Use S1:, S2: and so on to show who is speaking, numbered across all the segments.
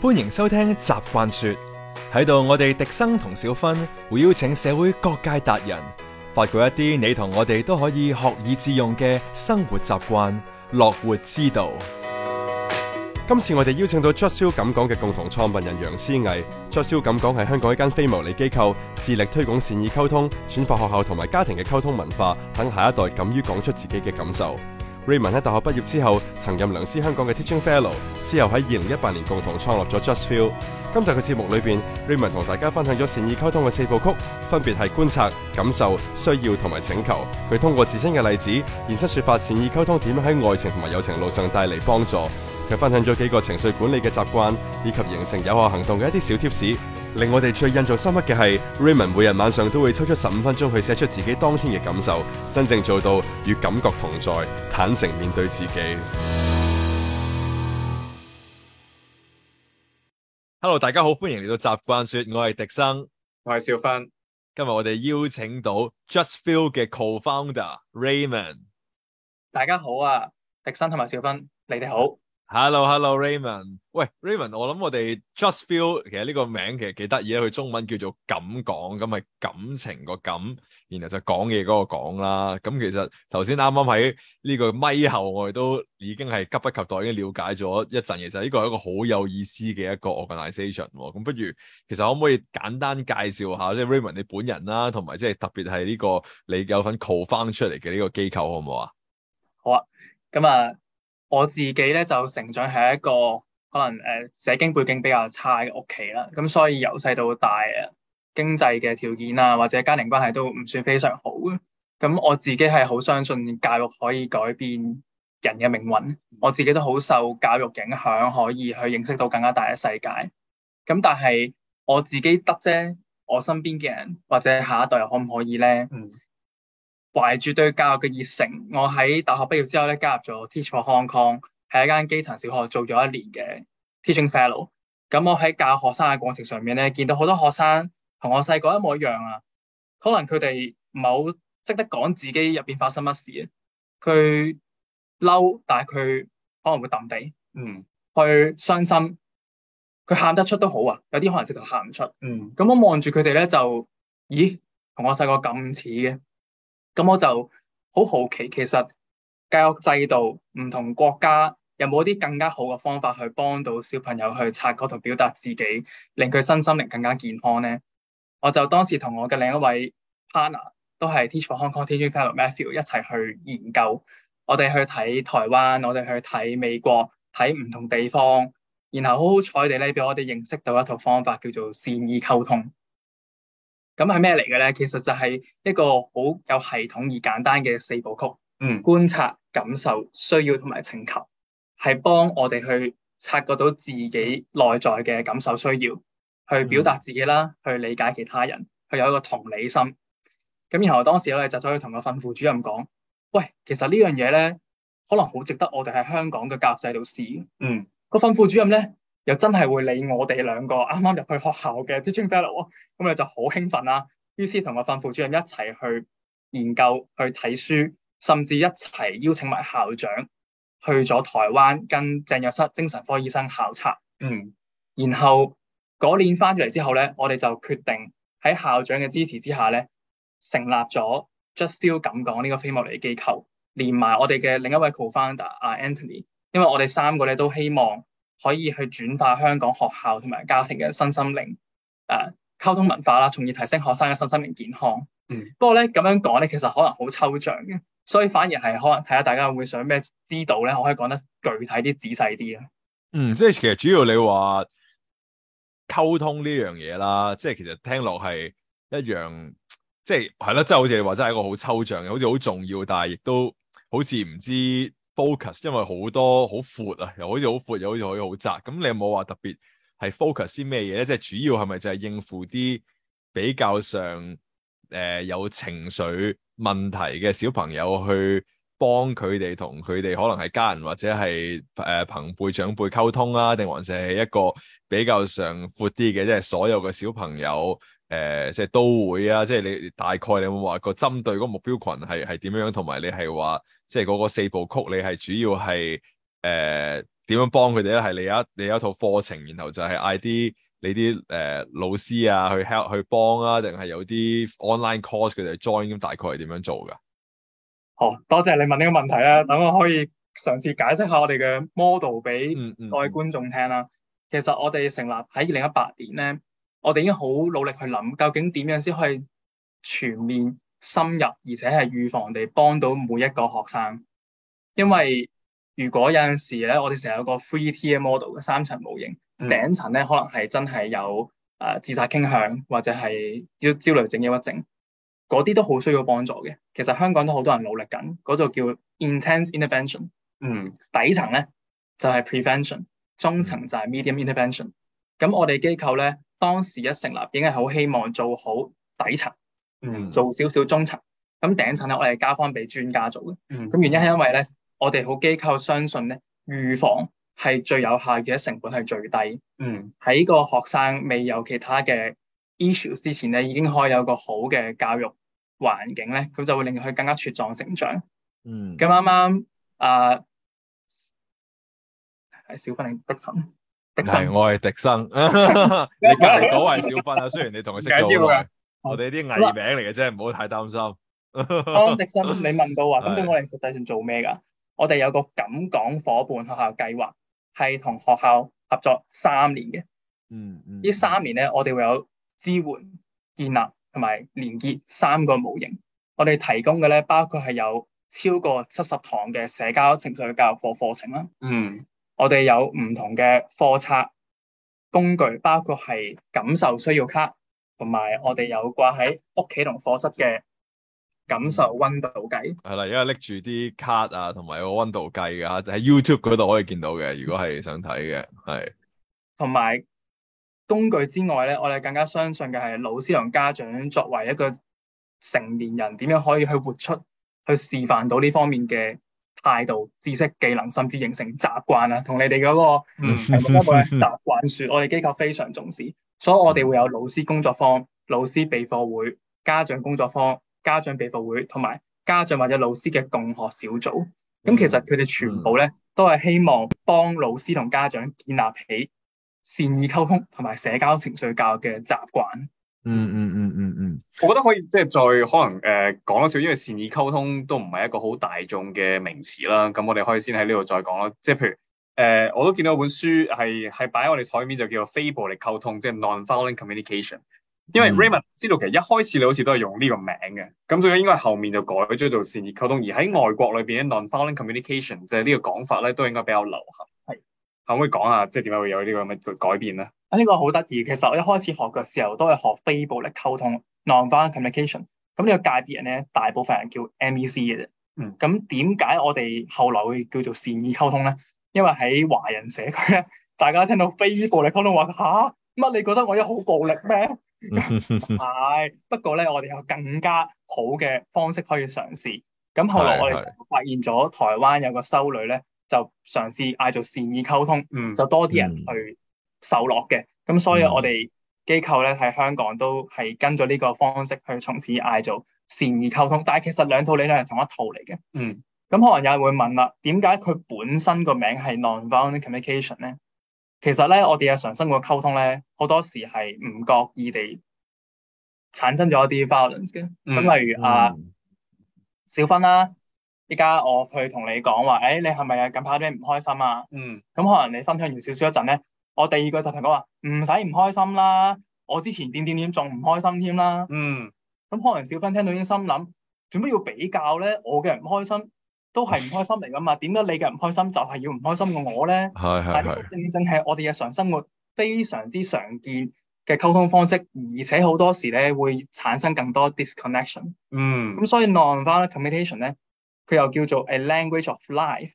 S1: 歡迎收聽習慣說，喺度我哋迪生同小芬會邀請社會各界達人，發掘一啲你同我哋都可以學以致用嘅生活習慣、樂活之道。今次我哋邀請到 Just 講嘅共同創辦人楊思毅，Just f 講係香港一間非牟利機構，致力推廣善意溝通，轉化學校同埋家庭嘅溝通文化，等下一代敢於講出自己嘅感受。Raymond 喺大學畢業之後，曾任良師香港嘅 Teaching Fellow，之後喺二零一八年共同創立咗 Just Feel。今集嘅節目裏邊，Raymond 同大家分享咗善意溝通嘅四部曲，分別係觀察、感受、需要同埋請求。佢通過自身嘅例子，現身說法善意溝通點樣喺愛情同埋友情路上帶嚟幫助。佢分享咗幾個情緒管理嘅習慣，以及形成有效行動嘅一啲小貼士。令我哋最印象深刻嘅係 Raymond，每日晚上都會抽出十五分鐘去寫出自己當天嘅感受，真正做到與感覺同在，坦誠面對自己。Hello，大家好，歡迎嚟到習慣說，我係迪生，我係小芬，今日我哋邀請到 Just Feel 嘅 Co-founder Raymond。Founder,
S2: Ray 大家好啊，迪生同埋小芬，你哋好。
S1: Hello，Hello，Raymond。Hello, Hello, Ray 喂，Raymond，我諗我哋 Just Feel 其實呢個名其實幾得意咧。佢中文叫做感講，咁係感情個感，然後就講嘢嗰個講啦。咁其實頭先啱啱喺呢個咪後，我哋都已經係急不及待，已經了解咗一陣。其實呢個係一個好有意思嘅一個 organisation。咁不如，其實可唔可以簡單介紹下，即係 Raymond 你本人啦、啊，同埋即係特別係呢、這個你有份 call 翻出嚟嘅呢個機構，好唔好啊？
S2: 好啊，咁啊。我自己咧就成長係一個可能誒、呃、社經背景比較差嘅屋企啦，咁所以由細到大啊經濟嘅條件啊或者家庭關係都唔算非常好。咁我自己係好相信教育可以改變人嘅命運，我自己都好受教育影響，可以去認識到更加大嘅世界。咁但係我自己得啫，我身邊嘅人或者下一代可唔可以咧？嗯。懷住對教育嘅熱誠，我喺大學畢業之後咧，加入咗 Teach for Hong Kong，喺一間基層小學做咗一年嘅 Teaching Fellow。咁我喺教學生嘅過程上面咧，見到好多學生同我細個一模一樣啊。可能佢哋唔好識得講自己入邊發生乜事，佢嬲，但係佢可能會揼地，嗯，去傷心。佢喊得出都好啊，有啲可能直頭喊唔出，嗯。咁我望住佢哋咧，就咦，同我細個咁似嘅。咁我就好好奇，其實教育制度唔同國家有冇啲更加好嘅方法去幫到小朋友去察覺同表達自己，令佢身心靈更加健康咧？我就當時同我嘅另一位 partner 都係 Teach for Hong Kong Teaching Fellow Matthew 一齊去研究，我哋去睇台灣，我哋去睇美國，睇唔同地方，然後好好彩地咧，俾我哋認識到一套方法叫做善意溝通。咁係咩嚟嘅咧？其實就係一個好有系統而簡單嘅四部曲。嗯。觀察、感受、需要同埋請求，係幫我哋去察覺到自己內在嘅感受、需要，去表達自己啦，嗯、去理解其他人，去有一個同理心。咁然後當時我哋就走去同個訓輔主任講：「喂，其實呢樣嘢咧，可能好值得我哋喺香港嘅教育制度試。
S3: 嗯。
S2: 個訓輔主任咧。又真係會理我哋兩個啱啱入去學校嘅 teaching fellow，咁佢就好興奮啦。於是同個訓輔主任一齊去研究、去睇書，甚至一齊邀請埋校長去咗台灣跟鄭若瑟精神科醫生考察。嗯。然後嗰年翻咗嚟之後咧，我哋就決定喺校長嘅支持之下咧，成立咗 Just Feel 感講呢個非牟利機構，連埋我哋嘅另一位 cofounder 阿 Anthony，因為我哋三個咧都希望。可以去轉化香港學校同埋家庭嘅身心靈，啊，溝通文化啦，從而提升學生嘅身心靈健康。嗯。不過咧，咁樣講咧，其實可能好抽象嘅，所以反而係可能睇下大家會想咩知道咧，我可以講得具體啲、仔細啲啊。嗯，
S1: 即係其實主要你話溝通呢樣嘢啦，即係其實聽落係一樣，即係係啦，即係好似你話，真係一個好抽象嘅，好似好重要，但係亦都好似唔知。focus，因為好多好闊啊，又好似好闊，又好似可以好窄。咁你有冇話特別係 focus 啲咩嘢咧？即係主要係咪就係應付啲比較上誒、呃、有情緒問題嘅小朋友，去幫佢哋同佢哋可能係家人或者係誒朋輩長輩溝通啊？定還是係一個比較上闊啲嘅，即係所有嘅小朋友？誒、呃，即係都會啊！即係你大概你有冇話個針對嗰個目標群係係點樣，同埋你係話即係嗰個四部曲，你係主要係誒點樣幫佢哋咧？係你一你一套課程，然後就係嗌啲你啲誒、呃、老師啊去 help 去幫啊，定係有啲 online course 佢哋 join 咁？大概係點樣做噶？好，
S2: 多謝你問呢個問題啦，等我可以嘗試解釋下我哋嘅 model 俾各位觀眾聽啦。嗯嗯嗯、其實我哋成立喺二零一八年咧。我哋已經好努力去諗，究竟點樣先可以全面深入，而且係預防地幫到每一個學生。因為如果有陣時咧，我哋成日有個 three tier model 三層模型，頂層咧可能係真係有誒、呃、自殺傾向或者係焦焦慮症、憂鬱症，嗰啲都好需要幫助嘅。其實香港都好多人努力緊，嗰、那、度、個、叫 intense intervention。嗯，底層咧就係、是、prevention，中層就係 medium intervention。咁我哋機構咧。當時一成立，已經係好希望做好底層，嗯、
S3: mm，hmm. 做
S2: 少少中層，咁頂層咧，我哋係交翻俾專家做嘅，嗯、
S3: mm，咁、hmm. 原因係
S2: 因為咧，我哋好機構相信咧，預防係最有效，嘅，成本係最低，嗯、mm，喺、hmm. 個學生未有其他嘅 issue 之前咧，已經可以有個好嘅教育環境咧，咁就會令佢更加茁壯成長，嗯、mm，咁啱啱啊，係、呃、小芬零七三。Brooklyn. .
S1: 係，我係迪生， 你隔籬都係小芬啊。 雖然你同佢識到，我哋啲藝名嚟嘅啫，唔好吧太擔心 、
S2: 哦。迪生，你問到話咁，咁 我哋實際上做咩噶？是我哋有個感講伙伴學校計劃，係同學校合作三年嘅、嗯。嗯，呢三年咧，我哋會有支援、建立同埋連結三個模型。我哋提供嘅咧，包括係有超過七十堂嘅社交情緒教育課課程啦。嗯。我哋有唔同嘅課冊工具，包括係感受需要卡，同埋我哋有掛喺屋企同課室嘅感受溫度計。
S1: 係啦、嗯，因為拎住啲卡啊，同埋個溫度計㗎、啊、喺 YouTube 度可以見到嘅。如果係想睇嘅，係。同埋
S2: 工具之外咧，我哋更加相信嘅係老師同家長作為一個成年人，點樣可以去活出，去示範到呢方面嘅。態度、知識、技能，甚至形成習慣啊，同你哋嗰、嗰
S3: 個係乜嘢習
S2: 慣，我哋機構非常重視，所以我哋會有老師工作坊、老師備課會、家長工作坊、家長備課會，同埋家長或者老師嘅共學小組。咁其實佢哋全部咧，都係希望幫老師同家長建立起善意溝通同埋社交情緒教育嘅習慣。
S1: 嗯嗯
S3: 嗯嗯嗯，我覺得可以即係再可能誒講多少，因為善意溝通都唔係一個好大眾嘅名詞啦。咁、嗯、我哋可以先喺呢度再講咯。即係譬如誒、呃，我都見到一本書係係擺喺我哋台面，就叫做非暴力溝通，即係 nonviolent communication。因為 Raymond、嗯、知道其實一開始你好似都係用呢個名嘅，咁所以應該後面就改咗做善意溝通。而喺外國裏邊咧 nonviolent communication 即係呢個講法咧都應該比較流行。係是，可唔可以講下即係點解會有呢個咁嘅改變咧？
S2: 呢、啊這個好得意。其實我一開始學嘅時候都係學
S3: 非暴力溝
S2: 通，Nonviolent Communication、嗯。咁、這、呢個界別人咧，大部分人叫 NVC 嘅啫。嗯。咁點解我哋後來會叫做善意溝通咧？因為喺華人社區咧，大家聽到非暴力溝通話嚇，乜、啊、你覺得我有好暴力咩？
S1: 唔
S2: 係。不過咧，我哋有更加好嘅方式可以嘗試。
S3: 咁後來我哋
S2: 發現咗台灣有個修女咧，就嘗試嗌做善意溝通，嗯、就多啲人去、嗯。受落嘅，咁所以我哋機構咧，喺香港都係跟咗呢個方式去從此嗌做善意溝通，但係其實兩套理論係同一套嚟嘅。嗯。咁可能有人會問啦，點解佢本身個名係 Non-violent Communication 咧？其實咧，我哋日常生活嘅溝通咧，好多時係唔覺意地產生咗一啲 violence 嘅。咁例、嗯、如、嗯、啊，小芬啦、啊，依家我去同你講話，誒、哎，你係咪啊近排有啲唔開心啊？嗯。咁可能你分享完少少一陣咧，我第二句就同佢話唔使唔開心啦，我之前點點點仲唔開心添啦。嗯，咁可能小芬聽到已經心諗，做咩要比較咧？我嘅唔開心都係唔開心嚟噶嘛？點解你嘅唔開心就係、是、要唔開心過我咧？
S1: 係係係。
S2: 正正係我哋日常生活非常之常見嘅溝通方式，而且好多時咧會產生更多 disconnection。嗯。咁所以 nonviolent communication 咧，佢又叫做 a language of life，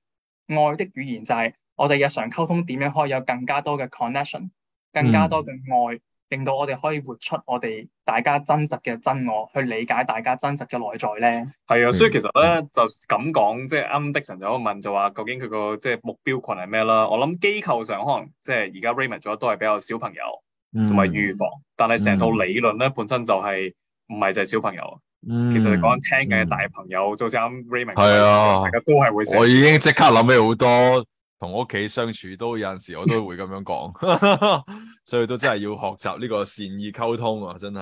S2: 愛的語言就係、是。我哋日常溝通點樣可以有更加多嘅 connection，更加多嘅愛，令到我哋可以活出我哋大家真實嘅真我，去理解大家真實嘅內在咧。
S3: 係啊，所以其實咧就咁講，即係啱啱廸生有個問就話，究竟佢個即係目標群係咩啦？我諗機構上可能即係而家 Raymond 做得都係比較小朋友同埋預防，但係成套理論咧、嗯、本身就係唔係就係小朋友。
S1: 嗯、其實你講
S3: 緊聽嘅大朋友，嗯、就算啱 Raymond 係啊，大家
S1: 都係會。我已經即刻諗起好多。同屋企相處都有陣時，我都會咁樣講， 所以都真係要學習呢個善意溝通啊！真係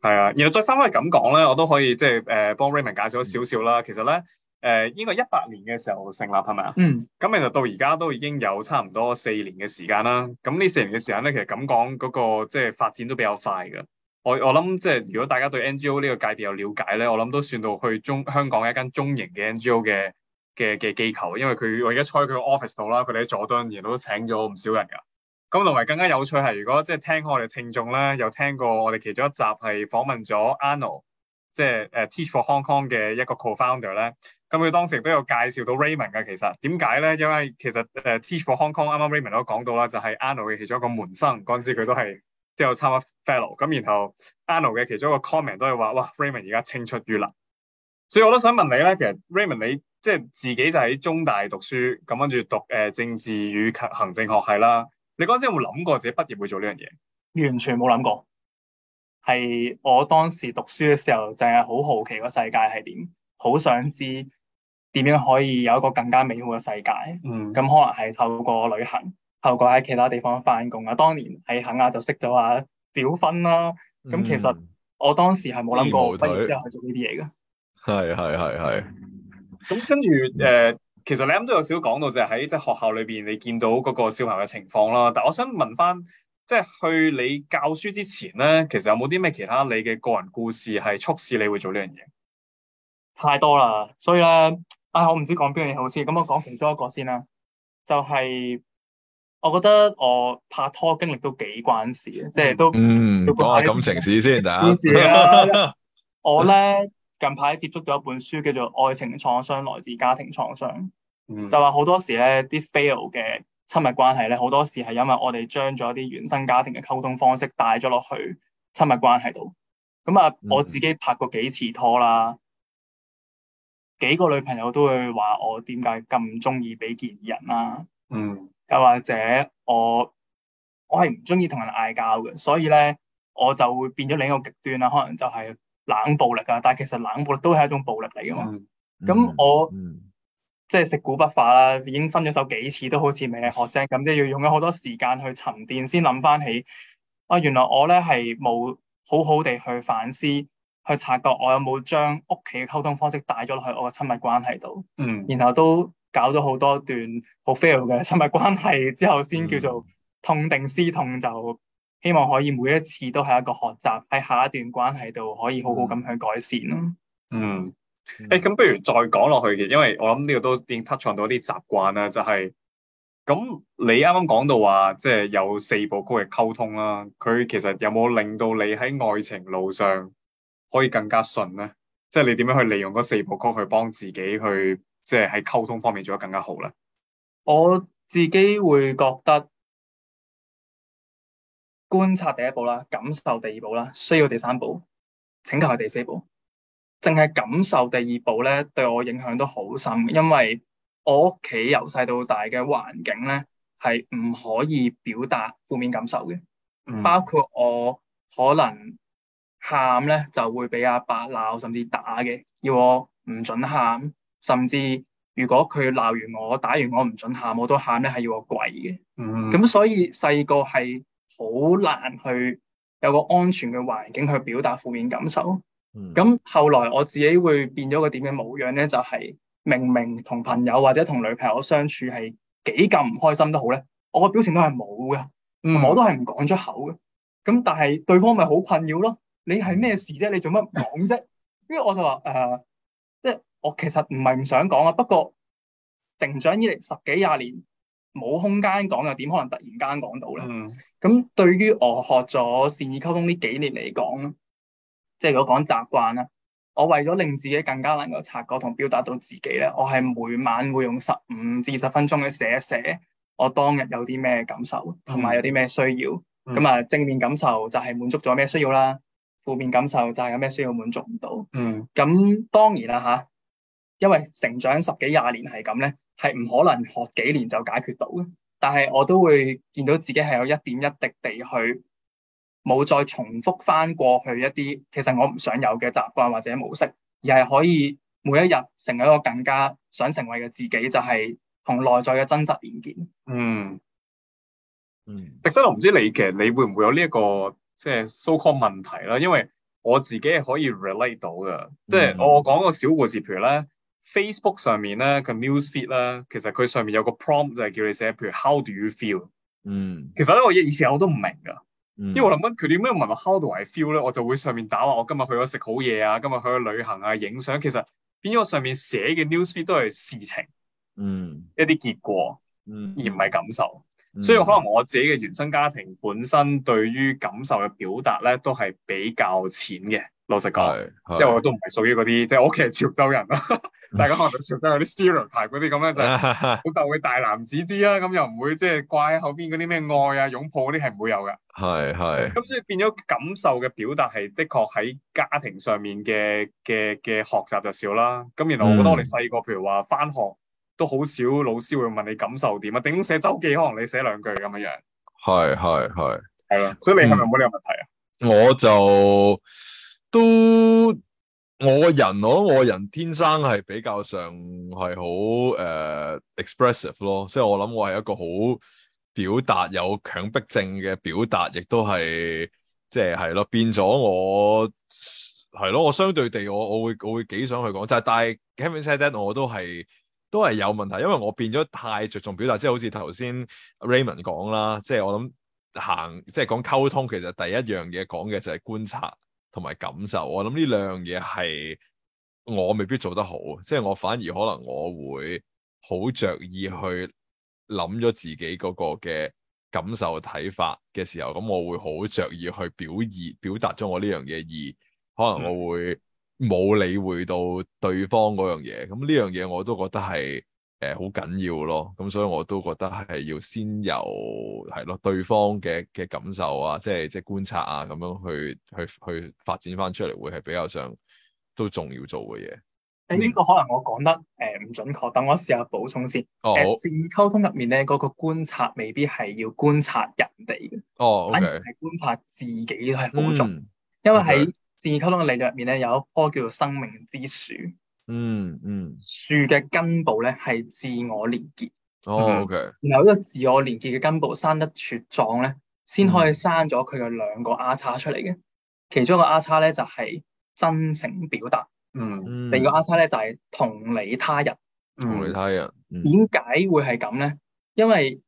S1: 係啊，
S3: 然後再翻返去咁講咧，我都可以即係誒幫 Raymond 介紹少少啦。嗯、其實咧誒應該、呃、一八年嘅時候成立係咪啊？是是嗯。咁其實到而家都已經有差唔多四年嘅時間啦。咁呢四年嘅時間咧，其實咁講嗰個即係、就是、發展都比較快嘅。我我諗即係如果大家對 NGO 呢個界別有了解咧，我諗都算到去中香港一間中型嘅 NGO 嘅。嘅嘅機構，因為佢我而家坐喺佢個 office 度啦，佢哋喺佐敦，然都請咗唔少人噶。咁同埋更加有趣係，如果即係聽我哋聽眾咧，有聽過我哋其中一集係訪問咗 Anno，即係誒 Teach for Hong Kong 嘅一個 co-founder 咧。咁佢當時都有介紹到 Raymond 嘅，其實點解咧？因為其實誒 Teach for Hong Kong 啱啱 Raymond 都講到啦，就係、是、Anno 嘅其中一個門生，嗰陣時佢都係即係有參加 fellow。咁然後 Anno 嘅其中一個 comment 都係話：哇 Raymond 而家青出於藍。所以我都想問你咧，其實 Raymond 你。即係自己就喺中大讀書，咁跟住讀誒、呃、政治與行政學系啦。你嗰陣時有冇諗過自己畢業會做呢樣嘢？完全冇諗過，係我當
S2: 時讀書嘅時候，淨係好好奇個世界係點，好想知點樣可以有一個更加美好嘅世界。嗯，咁可能係透過旅行，透過喺其他地方翻工啊。當年喺肯亞就識咗阿小芬啦。咁、嗯、其實我當
S3: 時係冇諗過畢業之後去
S1: 做呢啲嘢嘅。係係係係。咁跟住，誒、
S3: 呃，其實你啱都有少講到就，就係喺即係學校裏邊，你見到嗰個小朋友嘅情況啦。但係我想問翻，即係去你教書之前咧，其實有冇啲咩其他你嘅個人故事係促使你會做呢樣嘢？
S2: 太多啦，所以咧，啊、哎，我唔知講邊樣嘢好先講講講，咁 我講其中一個先啦。就係我覺得我拍拖經歷都幾關事嘅，即係都都講下感
S1: 情事先，大家。
S2: 我咧。近排接觸到一本書叫做《愛情創傷來自家庭創傷》，mm
S3: hmm. 就
S2: 話好多時咧啲 fail 嘅親密關係咧，好多時係因為我哋將咗啲原生家庭嘅溝通方式帶咗落去親密關係度。咁啊，我自己拍過幾次拖啦，mm hmm. 幾個女朋友都會話我點解咁中意俾見人啦、啊。嗯、
S3: mm。
S2: 又、hmm. 或者我我係唔中意同人嗌交嘅，所以咧我就會變咗另一個極端啦。可能就係、是。冷暴力啊，但係其實冷暴力都係一種暴力嚟㗎嘛。咁、嗯、我、嗯嗯、即係食古不化啦，已經分咗手幾次都好似未學精，咁即係要用咗好多時間去沉澱，先諗翻起啊，原來我咧係冇好好地去反思，去察覺我有冇將屋企嘅溝通方式帶咗落去我嘅親密關係度。嗯，然後都搞咗好多段好 fail 嘅親密關係之後，先叫做痛定思痛就。希望可以每一次都係一個學習，喺下一段關係度可
S3: 以好好咁去改善咯、嗯。嗯，誒咁、欸、不如再講落去嘅，因為我諗呢個都已經 touch 到一啲習慣啦，就係、是、咁你啱啱講到話，即、就、係、是、有四步曲嘅溝通啦。佢其實有冇令到你喺愛情路上可以更加順咧？即、就、係、是、你點樣去利用嗰四步曲去幫自己去，即係喺溝通方面做得更加好咧？我自己會覺得。
S2: 觀察第一步啦，感受第二步啦，需要第三步，請求係第四步。淨係感受第二步咧，對我影響都好深，因為我屋企由細到大嘅環境咧係唔可以表達負面感受嘅，包括我可能喊咧就會俾阿爸鬧，甚至打嘅，要我唔準喊，甚至如果佢鬧完我，打完我唔準喊，我都喊咧係要我跪嘅。咁、mm hmm. 所以細個係，好難去有個安全嘅環境去表達負面感受。咁、嗯、後來我自己會變咗個點嘅模樣咧，就係、是、明明同朋友或者同女朋友相處係幾咁唔開心都好咧，我個表情都係冇嘅，嗯、我都係唔講出口嘅。咁但係對方咪好困擾咯？你係咩事啫？你做乜唔講啫？ 因為我就話誒，即、呃、係我其實唔係唔想講啊，不過成長以嚟十幾廿年冇空間講，又點可能突然間講到咧？嗯咁對於我學咗善意溝通呢幾年嚟講，即係如果講習慣啦，我為咗令自己更加能夠察覺同表達到自己咧，我係每晚會用十五至二十分鐘去寫一寫我當日有啲咩感受，同埋有啲咩需要。咁啊、嗯、正面感受就係滿足咗咩需要啦，負面感受就係有咩需要滿足唔到。嗯。咁當然啦吓，因為成長十幾廿年係咁咧，係唔可能學幾年就解決到嘅。但係我都會見到自己係有一點一滴地去冇再重複翻過去一啲其實我唔想有嘅習慣或者模式，而係可以每一日成為一個更加想成為嘅自己，就係同內在嘅真實連結。嗯
S3: 嗯廸生我唔知你其實你會唔會有呢、這、一個即係 so called 問題啦，因為我自己係可以 relate 到嘅，嗯嗯即係我講個小故事，譬如咧。Facebook 上面咧個 news feed 啦，其實佢上面有個 prompt 就係叫你寫，譬如 How do you feel？嗯，其實咧我以以前我都唔明噶，嗯、因為我諗緊佢點解問我 How do I feel 咧？我就會上面打話我今日去咗食好嘢啊，今日去咗旅行啊，影相。其實變咗我上面寫嘅 news feed 都係事情，嗯，一啲結果，嗯，而唔係感受。嗯、所以可能我自己嘅原生家庭本身對於感受嘅表達咧，都係比較淺嘅。多食講，即係我都唔係屬於嗰啲，即係我屋企係潮州人啦。 大家可能潮州有啲 stereotype 嗰啲咁咧，就老豆會大男子啲啦，咁又唔會即係掛喺後邊嗰啲咩愛啊、擁抱嗰啲係唔會有嘅。
S1: 係係。咁
S3: 所以變咗感受嘅表達係的確喺家庭上面嘅嘅嘅學習就少啦。咁然後我覺得我哋細個譬如話翻學都好少老師會問你感受點啊？頂多寫周記可能你寫兩句咁樣樣。
S1: 係係係。係啦，所以你係咪冇呢個問題啊？我就。都我個人，我諗我人天生係比較上係好誒 expressive 咯，即係我諗我係一個好表達有強迫症嘅表達，亦都係即係係咯，變咗我係咯，我相對地我我會我會幾想去講，但係但係 can we say that 我都係都係有問題，因為我變咗太着重表達，即係好似頭先 Raymond 講啦，即係我諗行即係講溝通，其實第一樣嘢講嘅就係觀察。同埋感受，我諗呢兩樣嘢係我未必做得好，即係我反而可能我會好着意去諗咗自己嗰個嘅感受睇法嘅時候，咁我會好着意去表現表達咗我呢樣嘢，而可能我會冇理會到對方嗰樣嘢。咁呢樣嘢我都覺得係。誒好緊要咯，咁所以我都覺得係要先由係咯對方嘅嘅感受啊，即係即係觀察啊，咁樣去去去發展翻出嚟，會係比較上都重要做嘅嘢。
S2: 誒呢個可能我講得誒唔準確，等我試下補充先。哦，好。善意溝通入面咧，嗰個觀察未必係要觀察人哋
S1: 嘅，哦，OK，係
S2: 觀察自己係好重要、嗯、因為喺善意溝通嘅理論入面咧，嗯 okay、有一棵叫做生命之樹。嗯嗯，樹、嗯、嘅根部咧係自我連結，
S1: 哦，OK。然
S2: 後一個自我連結嘅根部生得茁壯咧，先可以生咗佢嘅兩個丫叉出嚟嘅。嗯、其中一個丫叉咧就係、是、真誠表達，嗯，第、嗯、二個丫叉咧就係、是、同理他人，嗯、同理他人。點、嗯、解會係咁咧？因為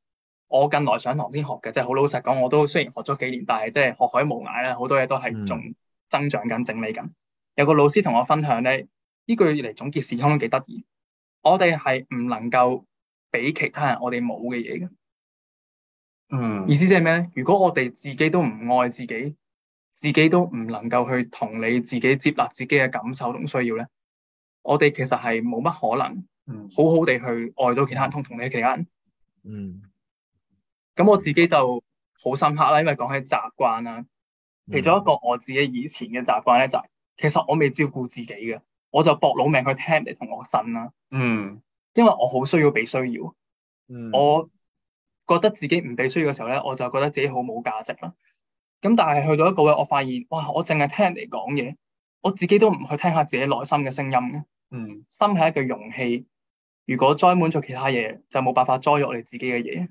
S2: 我近來上堂先學嘅，即係好老實講，我都雖然學咗幾年，但係即係學海無涯啦，好多嘢都係仲增長緊、整理緊。有個老師同我分享咧。呢句嚟總結時，都幾得意。我哋係唔能夠俾其他人我哋冇嘅嘢嘅。嗯。
S3: 意思即係
S2: 咩咧？如果我哋自己都唔愛自己，自己都唔能夠去同你自己接納自己嘅感受同需要咧，我哋其實係冇乜可能好好地去愛到其他人，同同你嘅其他人。嗯。咁我自己就好深刻啦，因為講起習慣啦。其中一個我自己以前嘅習慣咧，就係其實我未照顧自己嘅。我就搏老命去聽哋同我呻啦。嗯，因為我好需要被需要。嗯、我覺得自己唔被需要嘅時候咧，我就覺得自己好冇價值啦。咁但係去到一個位，我發現哇，我淨係聽人哋講嘢，我自己都唔去聽下自己內心嘅聲音嘅。嗯，心係一個容器，如果栽滿咗其他嘢，就冇辦法栽入我哋自己嘅嘢。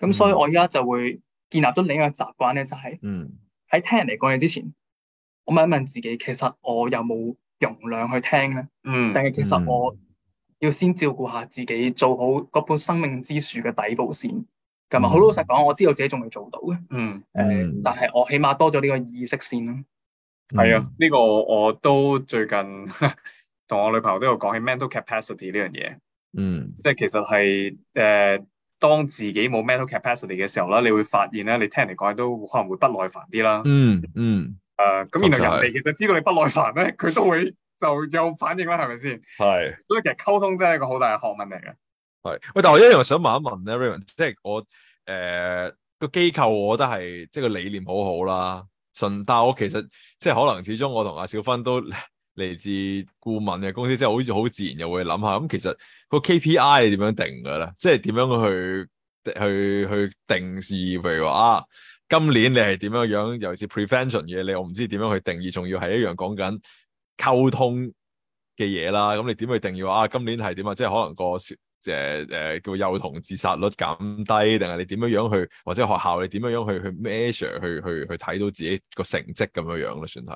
S2: 咁所以我而家就會建立咗另一個習慣咧，就係、是、喺聽人哋講嘢之前，我問一問自己，其實我有冇容量去聽咧，嗯，但係其實我要先照顧下自己，做好嗰本生命之樹嘅底部先，咁啊、嗯，好老實講，我知道自己仲未做
S3: 到嘅，嗯，誒、呃，但係我起碼多咗呢個意識先啦，係、嗯、啊，呢、這個我都最近同我女朋友都有講起 mental capacity 呢樣嘢，嗯，即係其實係誒、呃，當自己冇 mental capacity 嘅時候咧，你會發現咧，你聽人哋講都可能會不耐煩啲啦、嗯，嗯嗯。誒，咁原來人哋其實知道你不耐煩咧，佢都會就有反應啦，係咪先？
S1: 係是，
S3: 所以其實溝通真係一個好大嘅學問嚟嘅。
S1: 係，喂，但我一樣想問一問咧，Raymond，即係我誒、呃那個機構，我覺得係即係個理念好好啦。但係我其實即係、就是、可能始終，我同阿小芬都嚟自顧問嘅公司，即係好似好自然又會諗下，咁、嗯、其實個 KPI 係點樣定噶咧？即係點樣去去去定義，譬如話。啊今年你係點樣樣？尤其是 prevention 嘢，你我唔知點樣去定義，仲要係一樣講緊溝通嘅嘢啦。咁你點去定義話今年係點啊？即係可能個誒誒、呃、叫幼童自殺率減低，定係你點樣樣去，或者學校你點樣樣去去 measure 去去去睇到自己個成績咁樣樣咯，算係。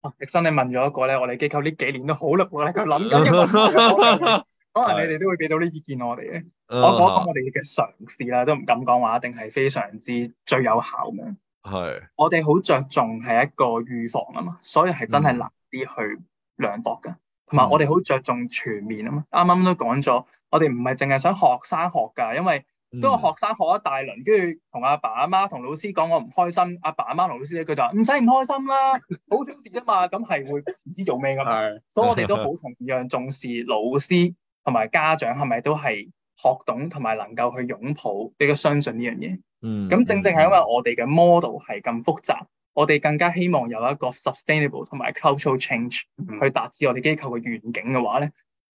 S1: 啊，廸
S2: 生你問咗一個咧，我哋機構呢幾年都好努力咁諗緊。 可能你哋都會俾到啲意見我哋嘅，uh, 我講講我哋嘅嘗試啦，都唔敢講話，一定係非常之最有效嘅。
S1: 係是
S2: 我哋好着重係一個預防啊嘛，所以係真係難啲去量度嘅。同埋、嗯、我哋好着重全面啊嘛，啱啱都講咗，我哋唔係淨係想學生學噶，因為都係學生學一大輪，跟住同阿爸阿媽同老師講我唔開心，阿爸阿媽同老師咧，佢就話唔使唔開心啦，好小事啊嘛，咁係會唔知做咩噶嘛。是所以我哋都好同樣重視老師。 同埋家長係咪都係學懂同埋能夠去擁抱呢個相信呢樣嘢？嗯，咁正正係因為我哋嘅 model 係咁複雜，我哋更加希望有一個 sustainable 同埋 cultural change 去達至我哋機構嘅願景嘅話咧，嗯、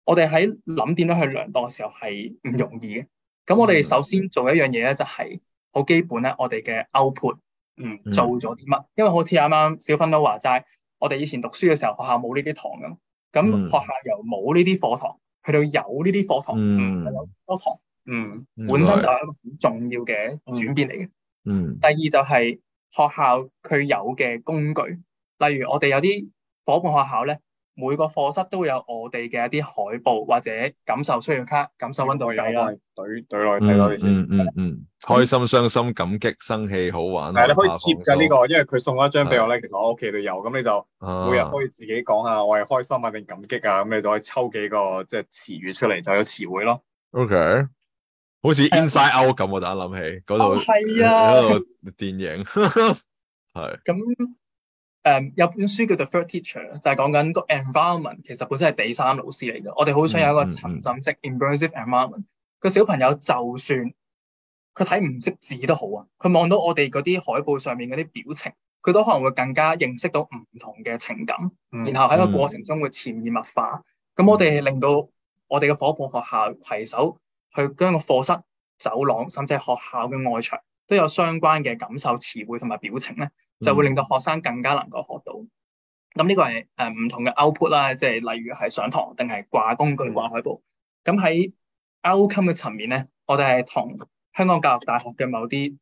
S2: 我哋喺諗點樣去量度嘅時候係唔容易嘅。咁我哋首先做一樣嘢咧，就係好基本咧、嗯，我哋嘅 output 嗯做咗啲乜？因為好似啱啱小芬都話齋，我哋以前讀書嘅時候學校冇呢啲堂咁，咁學校又冇呢啲課堂。嗯嗯佢到有呢啲課
S1: 堂，係、
S2: 嗯、有多
S3: 堂，
S1: 嗯，本身就係一個
S2: 好重要嘅轉變嚟嘅。嗯，第二就係學校佢有嘅工具，例如我哋有啲夥伴學校咧，每個課室都有我哋嘅一啲海報或者感受需要
S3: 卡、感受溫度嘅計啦，攤攤落去睇多啲先。嗯嗯嗯嗯
S1: 開心、傷心、感激、生氣，好玩啊！係你可以接嘅呢個，因
S3: 為佢送咗一張俾我咧。其實我屋企都有，咁、啊、你就每日可以自己講啊，我係開心啊定感激啊，咁、嗯、你就可以抽幾個即係詞語出嚟，就有詞
S1: 彙咯。OK，好似 Inside Out 咁， 我突然諗起嗰度係啊，電影係。咁誒、哦， uh, 有本書叫做 The Third
S2: Teacher 但係講緊個 environment，其實本身係第三老師嚟嘅。我哋好想有一個沉浸式 embrace environment，個小朋友就算。佢睇唔識字都好啊！佢望到我哋嗰啲海報上面嗰啲表情，佢都可能會更加認識到唔同嘅情感，然後喺個過程中會潛移默化。咁、嗯、我哋係令到我哋嘅夥伴學校攜手去將個課室、走廊甚至係學校嘅外牆都有相關嘅感受詞彙同埋表情咧，就會令到學生更加能夠學到。咁呢、嗯、個係誒唔同嘅 output 啦，即係例如係上堂定係掛工具、掛海報。咁喺、嗯、outcome 嘅層面咧，我哋係同香港教育大學嘅某啲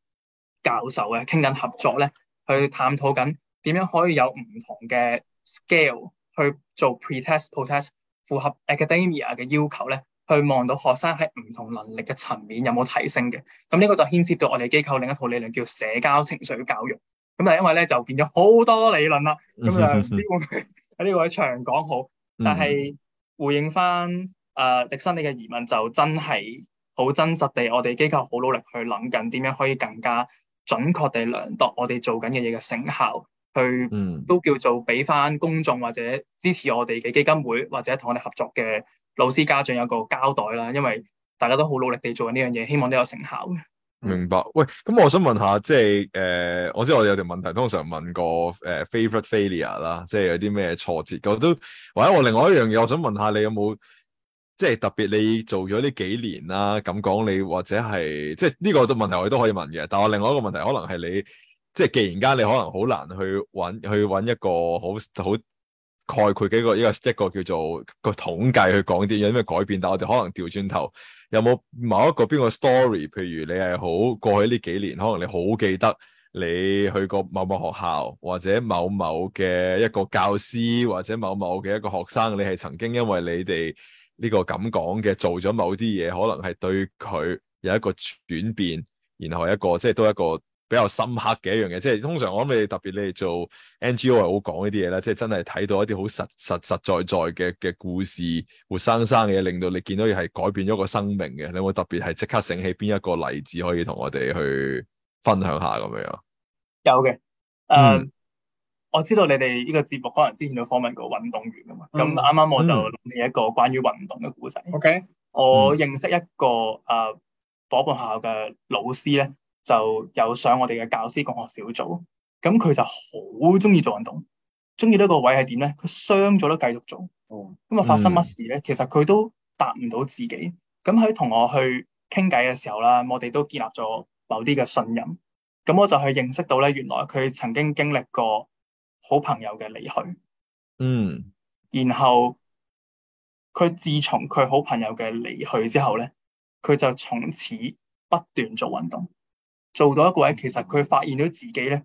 S2: 教授嘅傾緊合作咧，去探討緊點樣可以有唔同嘅 scale 去做 pretest posttest 符合 academia 嘅要求咧，去望到學生喺唔同能力嘅層面有冇提升嘅。咁呢個就牽涉到我哋機構另一套理論叫社交情緒教育。咁就因為咧就變咗好多理論啦，咁就唔知會喺呢個位長講好。但係回應翻啊，呃、迪生你嘅疑問就真係。好真實地，我哋機構好努力去諗緊點樣可以更加準確地量度我哋做緊嘅嘢嘅成效，去都叫做俾翻公眾或者支持我哋嘅基金會或者同我哋合作嘅老師家長有個交代啦。因為大家都好努力地做緊呢樣嘢，希望都有成效
S1: 嘅。明白。喂，咁我想問下，即係誒、呃，我知道我有條問題，通常問過誒、呃、favorite failure 啦，即係有啲咩挫折。咁都或者我另外一樣嘢，我想問下你有冇？即係特別你做咗呢幾年啦，啊，咁講你或者係即係呢個都問題，我哋都可以問嘅。但係我另外一個問題，可能係你即係既然間你可能好難去揾，去揾一個好好概括，幾個呢個一個叫做個統計去講啲有咩改變。但我哋可能調轉頭，有冇某一個邊個 story？譬如你係好過去呢幾年，可能你好記得你去過某某學校，或者某某嘅一個教師，或者某某嘅一個學生，你係曾經因為你哋。呢個咁講嘅，做咗某啲嘢，可能係對佢有一個轉變，然後一個即係都係一個比較深刻嘅一樣嘢。即係通常我諗你哋特別你哋做 NGO 係好講呢啲嘢啦，即係真係睇到一啲好實實實在在嘅嘅故事，活生生嘅嘢，令到你見到係改變咗個生命嘅。你有冇特別係即刻醒起邊一個例子可以同我哋去分享下咁樣？
S2: 有嘅，誒、uh。嗯我知道你哋呢個節目可能之前都訪問過運動員噶嘛，咁啱啱我就諗起一個關於運動嘅故仔。OK，我認識一個啊夥伴學校嘅老師咧，就有上我哋嘅教師共學小組，咁佢就好中意做運動，中意呢個位係點咧？佢傷咗都繼續做。哦、嗯，
S1: 咁啊發生乜
S2: 事咧？其實佢都答唔到自己。咁佢同我去傾偈嘅時候啦，我哋都建立咗某啲嘅信任。咁我就去認識到咧，原來佢曾經經歷過。好朋友嘅離去，嗯，然後佢自從佢好朋友嘅離去之後咧，佢就從此不斷做運動，做到一個位。其實佢發現到自己咧，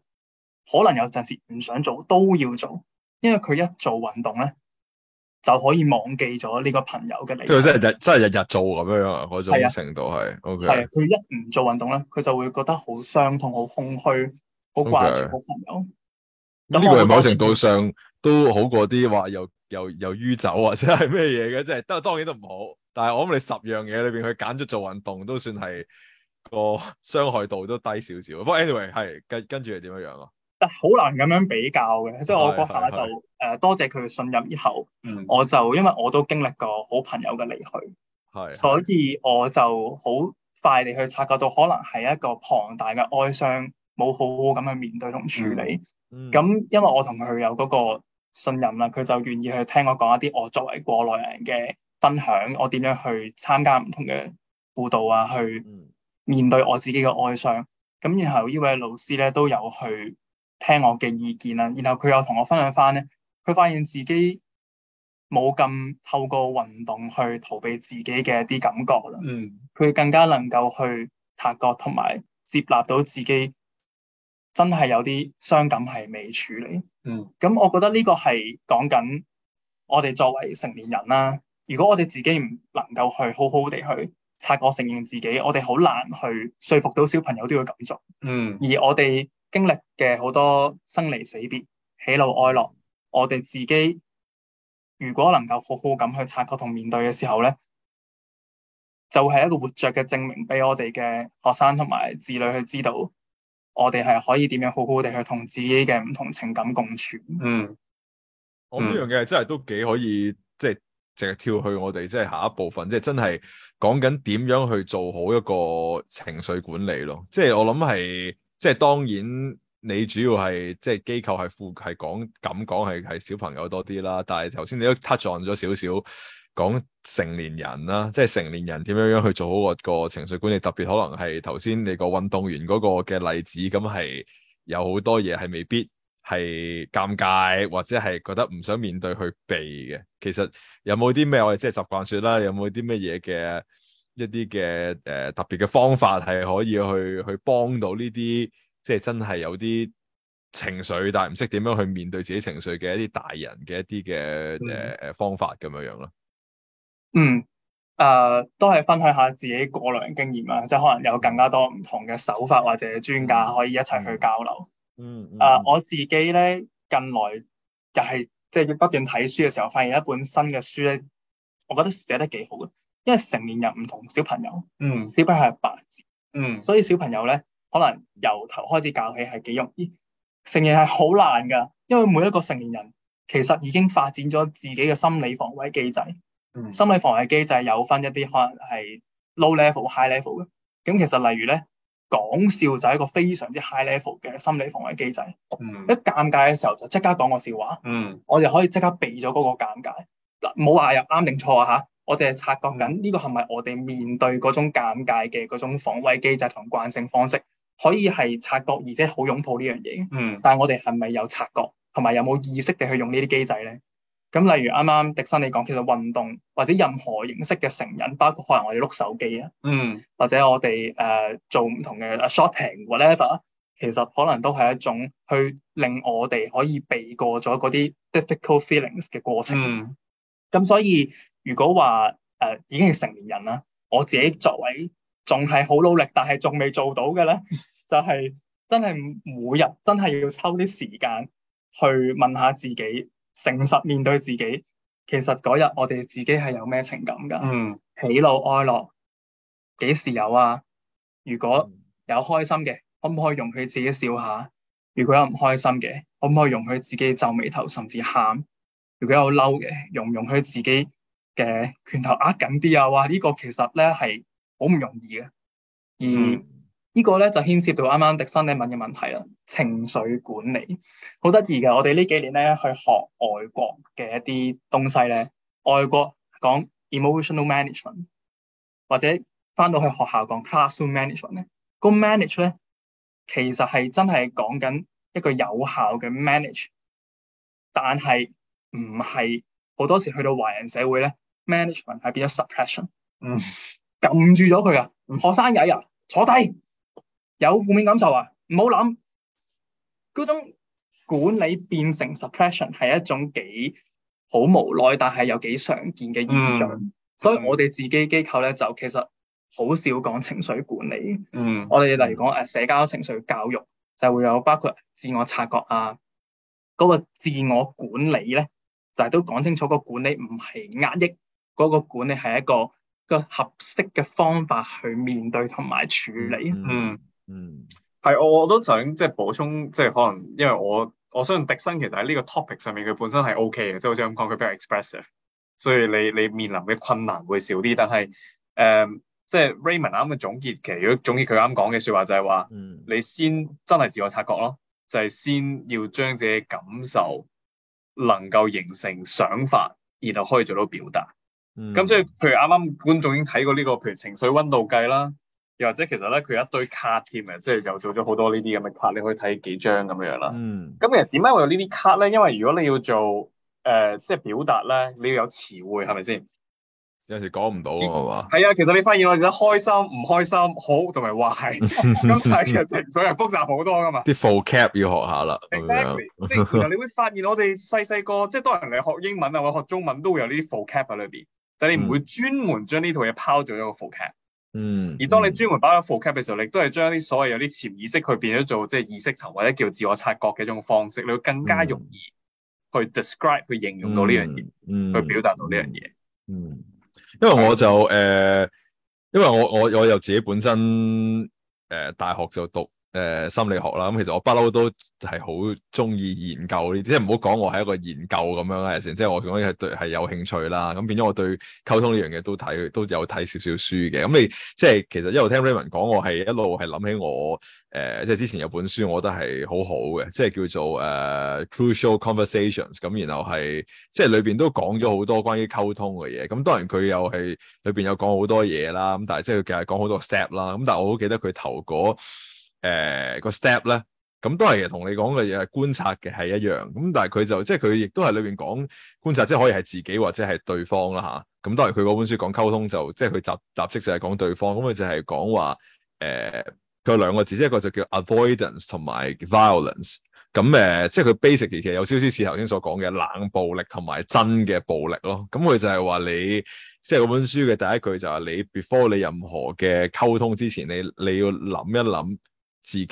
S2: 可能有陣時唔想做都要做，因為佢一做運動咧就可以忘記咗呢個朋友嘅離去。即係日
S1: 真係日日做咁樣啊？嗰種程度係 OK。係
S2: 佢一唔做運動咧，佢就會覺得好傷痛、好空
S1: 虛、好掛住好朋友。呢個係某程度上都好過啲話又又又酗酒或者係咩嘢嘅，即係都當然都唔好。但係我諗你十樣嘢裏邊，去揀咗做運動，都算係個傷害度都低少少。不過 anyway 係跟跟住係點樣樣咯？
S2: 好難咁樣比較嘅，即係我講下就誒多謝佢嘅信任。以後我就因為我都經歷過好朋友嘅離去，所以我就好快地去察覺到，可能係一個龐大嘅哀傷，冇好好咁去面對同處理。咁，嗯、因為我同佢有嗰個信任啦，佢就願意去聽我講一啲我作為過來人嘅分享，我點樣去參加唔同嘅輔導啊，去面對我自己嘅哀傷。咁，然後呢位老師咧都有去聽我嘅意見啦。然後佢又同我分享返咧，佢發現自己冇咁透過運動去逃避自己嘅一啲感覺啦。嗯，佢更加能夠去察覺同埋接納到自己。真係有啲傷感係未處理。嗯，咁我覺得呢個係講緊我哋作為成年人啦、啊。如果我哋自己唔能夠去好好地去察覺、承認自己，我哋好難去說服到小朋友都要咁做。嗯，而我哋經歷嘅好多生離死別、喜怒哀樂，我哋自己如果能夠好好咁去察覺同面對嘅時候咧，就係、是、一個活着嘅證明俾我哋嘅學生同埋子女去知道。我哋係可以點樣好好地去同自己嘅唔同情感共存。嗯。
S1: 嗯，我呢樣嘢真係都幾可以，即係直接跳去我哋即係下一部分，即係真係講緊點樣去做好一個情緒管理咯。即係我諗係，即係當然你主要係即係機構係感講感講係係小朋友多啲啦。但係頭先你都 touch on 咗少少。講成年人啦，即係成年人點樣樣去做好個情緒管理，特別可能係頭先你個運動員嗰個嘅例子，咁係有好多嘢係未必係尷尬，或者係覺得唔想面對去避嘅。其實有冇啲咩我哋即係習慣說啦？有冇啲咩嘢嘅一啲嘅誒特別嘅方法係可以去去幫到呢啲即係真係有啲情緒但係唔識點樣去面對自己情緒嘅一啲大人嘅一啲嘅誒方法咁樣樣咯？嗯，誒、呃，都係
S2: 分享下自己過往嘅經驗啦，即係可能有更加多唔同嘅手法或者專家可以一齊去交流。嗯嗯、呃。我自己咧近來就係即係不斷睇書嘅時候，發現一本新嘅書咧，我覺得寫得幾好嘅，因為成年人唔同小朋友。嗯。小朋友係白字。嗯。所以小朋友咧，可能由頭開始教起係幾容易，成年人係好難噶，因為每一個成年人其實已經發展咗自己嘅心理防衛機制。心理防衛機制有分一啲可能係 low level high level 嘅，咁其實例如咧講笑就係一個非常之 high level 嘅心理防衛機制，嗯、一尷尬嘅時候就即刻講個笑話，嗯、我哋可以即刻避咗嗰個尷尬，嗱冇話又啱定錯吓，我淨係察覺緊呢、呢個係咪我哋面對嗰種尷尬嘅嗰種防衛機制同慣性方式，可以係察覺而且好擁抱呢樣嘢，嗯、但係我哋係咪有察覺同埋有冇意識地去用呢啲機制咧？咁例如啱啱迪生你講，其實運動或者任何形式嘅成癮，包括可能我哋碌手機啊，嗯，或者我哋誒、uh, 做唔同嘅、uh, shopping whatever，其實可能都係一種去令我哋可以避過咗嗰啲 difficult feelings 嘅過程。咁、嗯、所以如果話誒、uh, 已經係成年人啦，我自己作為仲係好努力，但係仲未做到嘅咧， 就係真係每日真係要抽啲時間去問下自己。誠實面對自己，其實嗰日我哋自己係有咩情感噶？嗯，喜怒哀樂幾時有啊？如果有開心嘅，可唔可以容許自己笑下？如果有唔開心嘅，可唔可以容許自己皺眉頭甚至喊？如果有嬲嘅，容唔容許自己嘅拳頭握緊啲啊？哇！呢個其實咧係好唔容易嘅，而，嗯呢個咧就牽涉到啱啱迪生，你問嘅問題啦，情緒管理好得意嘅。我哋呢幾年咧去學外國嘅一啲東西咧，外國講 emotional management 或者，翻到去學校講 classroom management 咧，個 management 咧其實係真係講緊一個有效嘅 manage，但係唔係好多時去到華人社會咧，management 係變咗 suppression，
S3: 嗯，
S2: 撳住咗佢啊，嗯、學生仔啊，坐低。有負面感受啊！唔好諗嗰種管理變成 suppression 係一種幾好無奈，但係又幾常見嘅現象。嗯、所以我哋自己機構咧就其實好少講情緒管理。嗯，我哋例如講誒、啊、社交情緒教育就會有包括自我察覺啊，嗰、嗰個自我管理咧就係、都講清楚個管理唔係壓抑，嗰、那個管理係一個、個合適嘅方法去面對同
S3: 埋處理。嗯。嗯。嗯，係我我都想即係補充，即係可能因為我我相信迪生其實喺呢個 topic 上面佢本身係 OK 嘅，即係好似咁講，佢比較 expressive，所以你你面臨嘅困難會少啲。但係誒、嗯，即係 Raymond 啱嘅總結，其實如果總結佢啱講嘅說話就係話，嗯，你先真係自我察覺咯，就係、是、先要將自己感受能夠形成想法，然後可以做到表達。咁即係譬如啱啱觀眾已經睇過呢、這個，譬如情緒温度計啦。又或者其實咧，佢有一堆卡添嘅，即係又做咗好多呢啲咁嘅卡，你可以睇幾張咁樣樣啦。嗯。咁其實點解會有呢啲卡咧？因為如果你要做誒、呃，即係表達咧，你要有詞彙係咪先？係，係有時講唔到啊嘛。係啊、嗯嗯，其實你發現我哋得開心、唔開心、好同埋壞，咁係嘅情緒係複雜好多噶嘛。啲
S1: full cap 要學下啦。Exactly，
S3: 即係然後你會發現我哋細細個即係當人嚟學英文啊，或學中文都會有呢啲 full cap 喺裏邊，嗯、但係你唔會專門將呢套嘢拋咗一個 full cap。嗯，而當你專門擺喺副 cap 嘅時候，嗯、你都係將啲所謂有啲潛意識去變咗做即係意識層或者叫自我察覺嘅一種方式，你會更加容易去 describe、嗯、去形
S1: 容到呢樣嘢，嗯嗯嗯、去表達到呢樣嘢。嗯、呃，因為我就誒，因為我我我又自己本身誒、呃、大學就讀。誒、呃，心理學啦，咁其實我不嬲都係好中意研究呢啲，即係唔好講我係一個研究咁樣嘅先，即係我講嘢對係有興趣啦。咁變咗我對溝通呢樣嘢都睇都有睇少少書嘅。咁你即係其實一路聽 Raymond 講，我係一路係諗起我誒、呃，即係之前有本書，我覺得係好好嘅，即係叫做誒 Crucial Conversations。咁、呃、Convers 然後係即係裏邊都講咗好多關於溝通嘅嘢。咁當然佢又係裏邊有講好多嘢啦。咁但係即係佢其實講好多 step 啦。咁但係我好記得佢頭嗰。誒個 step 咧，咁都係同你講嘅嘢，觀察嘅係一樣。咁但係佢就即係佢亦都係裏邊講觀察，即係可以係自己或者係對方啦嚇。咁當然佢嗰本書講溝通就即係佢集集，即就係講對方。咁佢就係講話誒，佢有兩個字，一個就叫 avoidance 同埋 violence。咁誒，即係佢 basically 其實有少少似頭先所講嘅冷暴力同埋真嘅暴力咯。咁佢就係話你，即係嗰本書嘅第一句就係你 before 你任何嘅溝通之前，你你要諗一諗。自己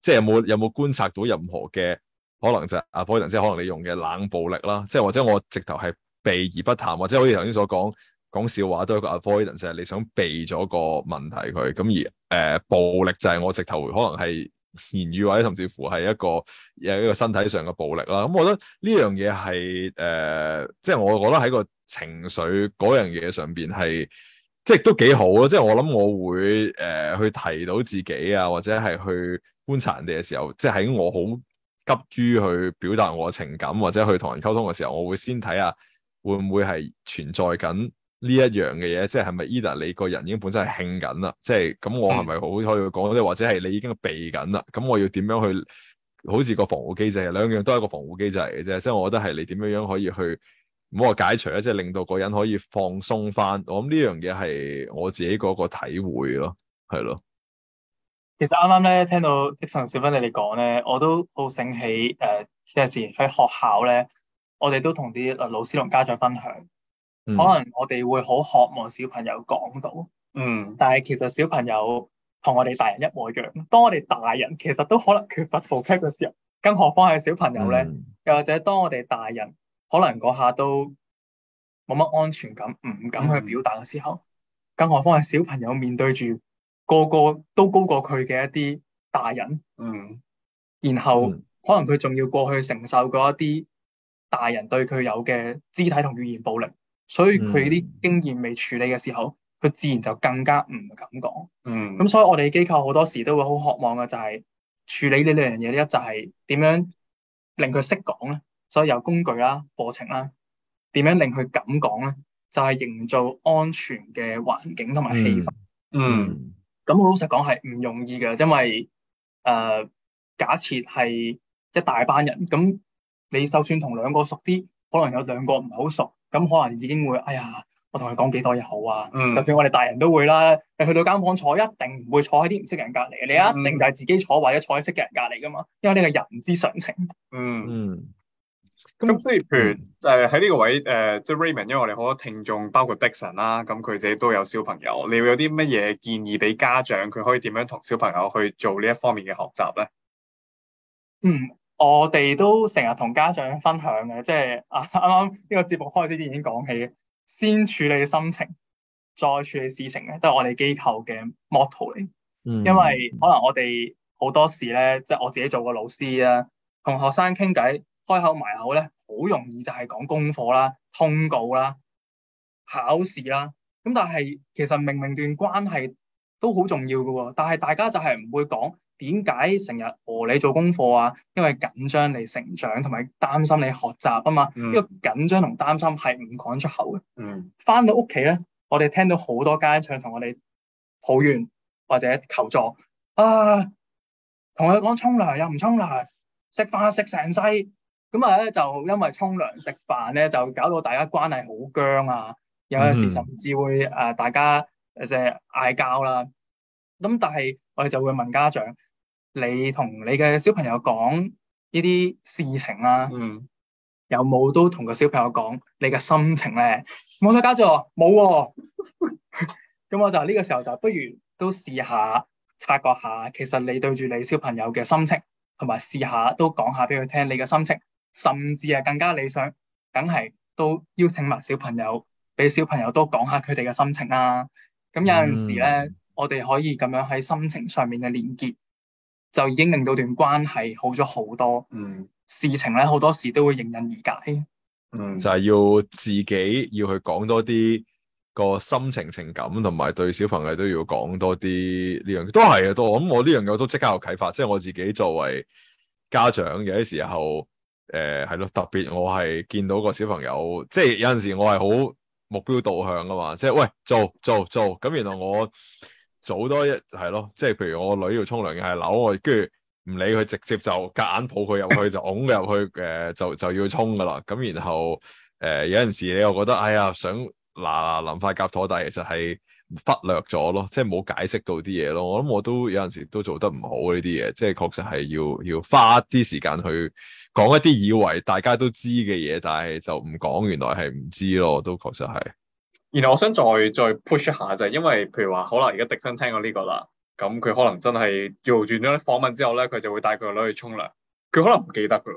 S1: 即係有冇有冇觀察到任何嘅可能就係 avoidance，即係可能你用嘅冷暴力啦，即係或者我直頭係避而不談，或者好似頭先所講講笑話都有一個 avoidance，就係你想避咗個問題佢，咁而誒、呃、暴力就係我直頭可能係言語或者甚至乎係一個有一個身體上嘅暴力啦。咁、嗯、我覺得呢樣嘢係誒，即係我我覺得喺個情緒嗰樣嘢上邊係。即係都幾好啊。即係我諗我會誒、呃、去提到自己啊，或者係去觀察人哋嘅時候，即係喺我好急於去表達我嘅情感或者去同人溝通嘅時候，我會先睇下會唔會係存在緊呢一樣嘅嘢，即係係咪 either 你個人已經本身係興緊啦，即係咁、嗯、我係咪好可以去講，或者係你已經避緊啦？咁我要點樣去好似個防護機制，兩樣都係個防護機制嘅啫，即係我覺得係你點樣樣可以去。冇話解除咧，即係令到個人可以放鬆翻。我諗呢樣嘢係我自己嗰個體會咯，係咯。其實啱啱咧聽到廸生小芬你哋
S2: 講咧，我都好醒起誒有陣時喺學校咧，我哋都同啲老師同家長分享，
S3: 可能
S2: 我哋會好渴望小朋友講到嗯，但係其實小朋友同我哋大人一模一樣。當我哋大人其實都可能缺乏負壓嘅時候，更何況係小朋友咧？又、嗯、或者當我哋大人。可能嗰下都冇乜安全感，唔敢去表達嘅時候，嗯、更何況係小朋友面對住個個都高過佢嘅一啲大人，
S3: 嗯，
S2: 然後可能佢仲要過去承受過一啲大人對佢有嘅肢體同語言暴力，所以佢啲經驗未處理嘅時候，佢、嗯、自然就更加唔敢講，嗯，咁、嗯、所以我哋機構好多時都會好渴望嘅就係處理呢兩樣嘢，一就係點樣令佢識講咧。所以由工具啦、啊、過程啦、啊，點樣令佢敢講咧？就係、是、營造安全嘅環境同埋氣氛。嗯。咁、嗯嗯、我老實講係唔容易嘅，因為誒、呃，假設係一大班人，咁你就算同兩個熟啲，可能有兩個唔係好熟，咁可能已經會，哎呀，我同佢講幾多又好啊。嗯。就算我哋大人都會啦，你去到間房坐，一定唔會坐喺啲唔識人隔離嘅，你一定就係自己坐或者坐喺識嘅人隔離㗎嘛，因為呢個人之常情。嗯。嗯嗯
S3: 咁即係譬如誒喺呢個位誒即係 Raymond，因為我哋好多聽眾包括 Dixon 啦、啊、咁、嗯、佢自己都有小朋友，你會有啲乜嘢建議俾家長佢可以點樣同小朋友去做呢一方面嘅學習咧？
S2: 嗯，我哋都成日同家長分享嘅，即係啊啱啱呢個節目開始之前已經講起，先處理心情，再處理事情嘅，即、就、係、是、我哋機構嘅 model 嚟。
S1: 因為
S2: 可能我哋好多時咧，即、就、係、是、我自己做過老師啦，同學生傾偈。開口埋口咧，好容易就係講功課啦、通告啦、考試啦。咁但係其實明明段關係都好重要噶、哦，但係大家就係唔會講，點解成日和你做功課啊？因為緊張你成長同埋擔心你學習啊嘛。呢個緊張同擔心係唔講出口嘅。翻、嗯、到屋企咧，我哋聽到好多家長同我哋抱怨或者求助啊，同佢講，沖涼又唔沖涼，食飯食成世。」咁啊咧，就因為沖涼食飯咧，就搞到大家關係好僵啊！嗯、有陣時甚至會誒、呃、大家誒嗌交啦。咁但係我哋就會問家長：你同你嘅小朋友講呢啲事情啊？嗯、有冇都同個小朋友講你嘅心情咧？冇啊，家長，冇喎。咁我就呢個時候就不如都試下察覺下，其實你對住你小朋友嘅心情，同埋試下都講下俾佢聽你嘅心情。甚至係，更加理想，梗係都邀請埋小朋友，俾小朋友都講下佢哋嘅心情啦。咁有陣時咧，嗯、我哋可以咁樣喺心情上面嘅連結，就已經令到段關係好咗好多。嗯，事情咧，好多時都會迎刃而解。嗯，
S1: 就係要自己要去講多啲個心情情感，同埋對小朋友都要講多啲呢樣。都係啊，我我都咁，我呢樣嘢都即刻有啟發，即係我自己作為家長嘅時候。誒，係咯、呃，特別我係見到個小朋友，即係有陣時我係好目標導向噶嘛，即係喂做做做，咁然後我早多一係咯，即係譬如我女要沖涼嘅係扭我，跟住唔理佢，直接就夾硬抱佢入去，就拱佢入去，誒、呃、就就要沖噶啦，咁然後誒、呃、有陣時你又覺得哎呀想嗱嗱淋快夾妥，但係其實係。忽略咗咯，即係冇解釋到啲嘢咯。我諗我都有陣時都做得唔好呢啲嘢，即係確實係要要花啲時間去講一啲以為大家都知嘅嘢，但係就唔講，原來係唔知咯，都確實係。
S3: 然後我想再再 push 一下就係，因為譬如話可能而家迪生聽過呢個啦，咁佢可能真係做完咗訪問之後咧，佢就會帶佢個女去沖涼，佢可能唔記得噶。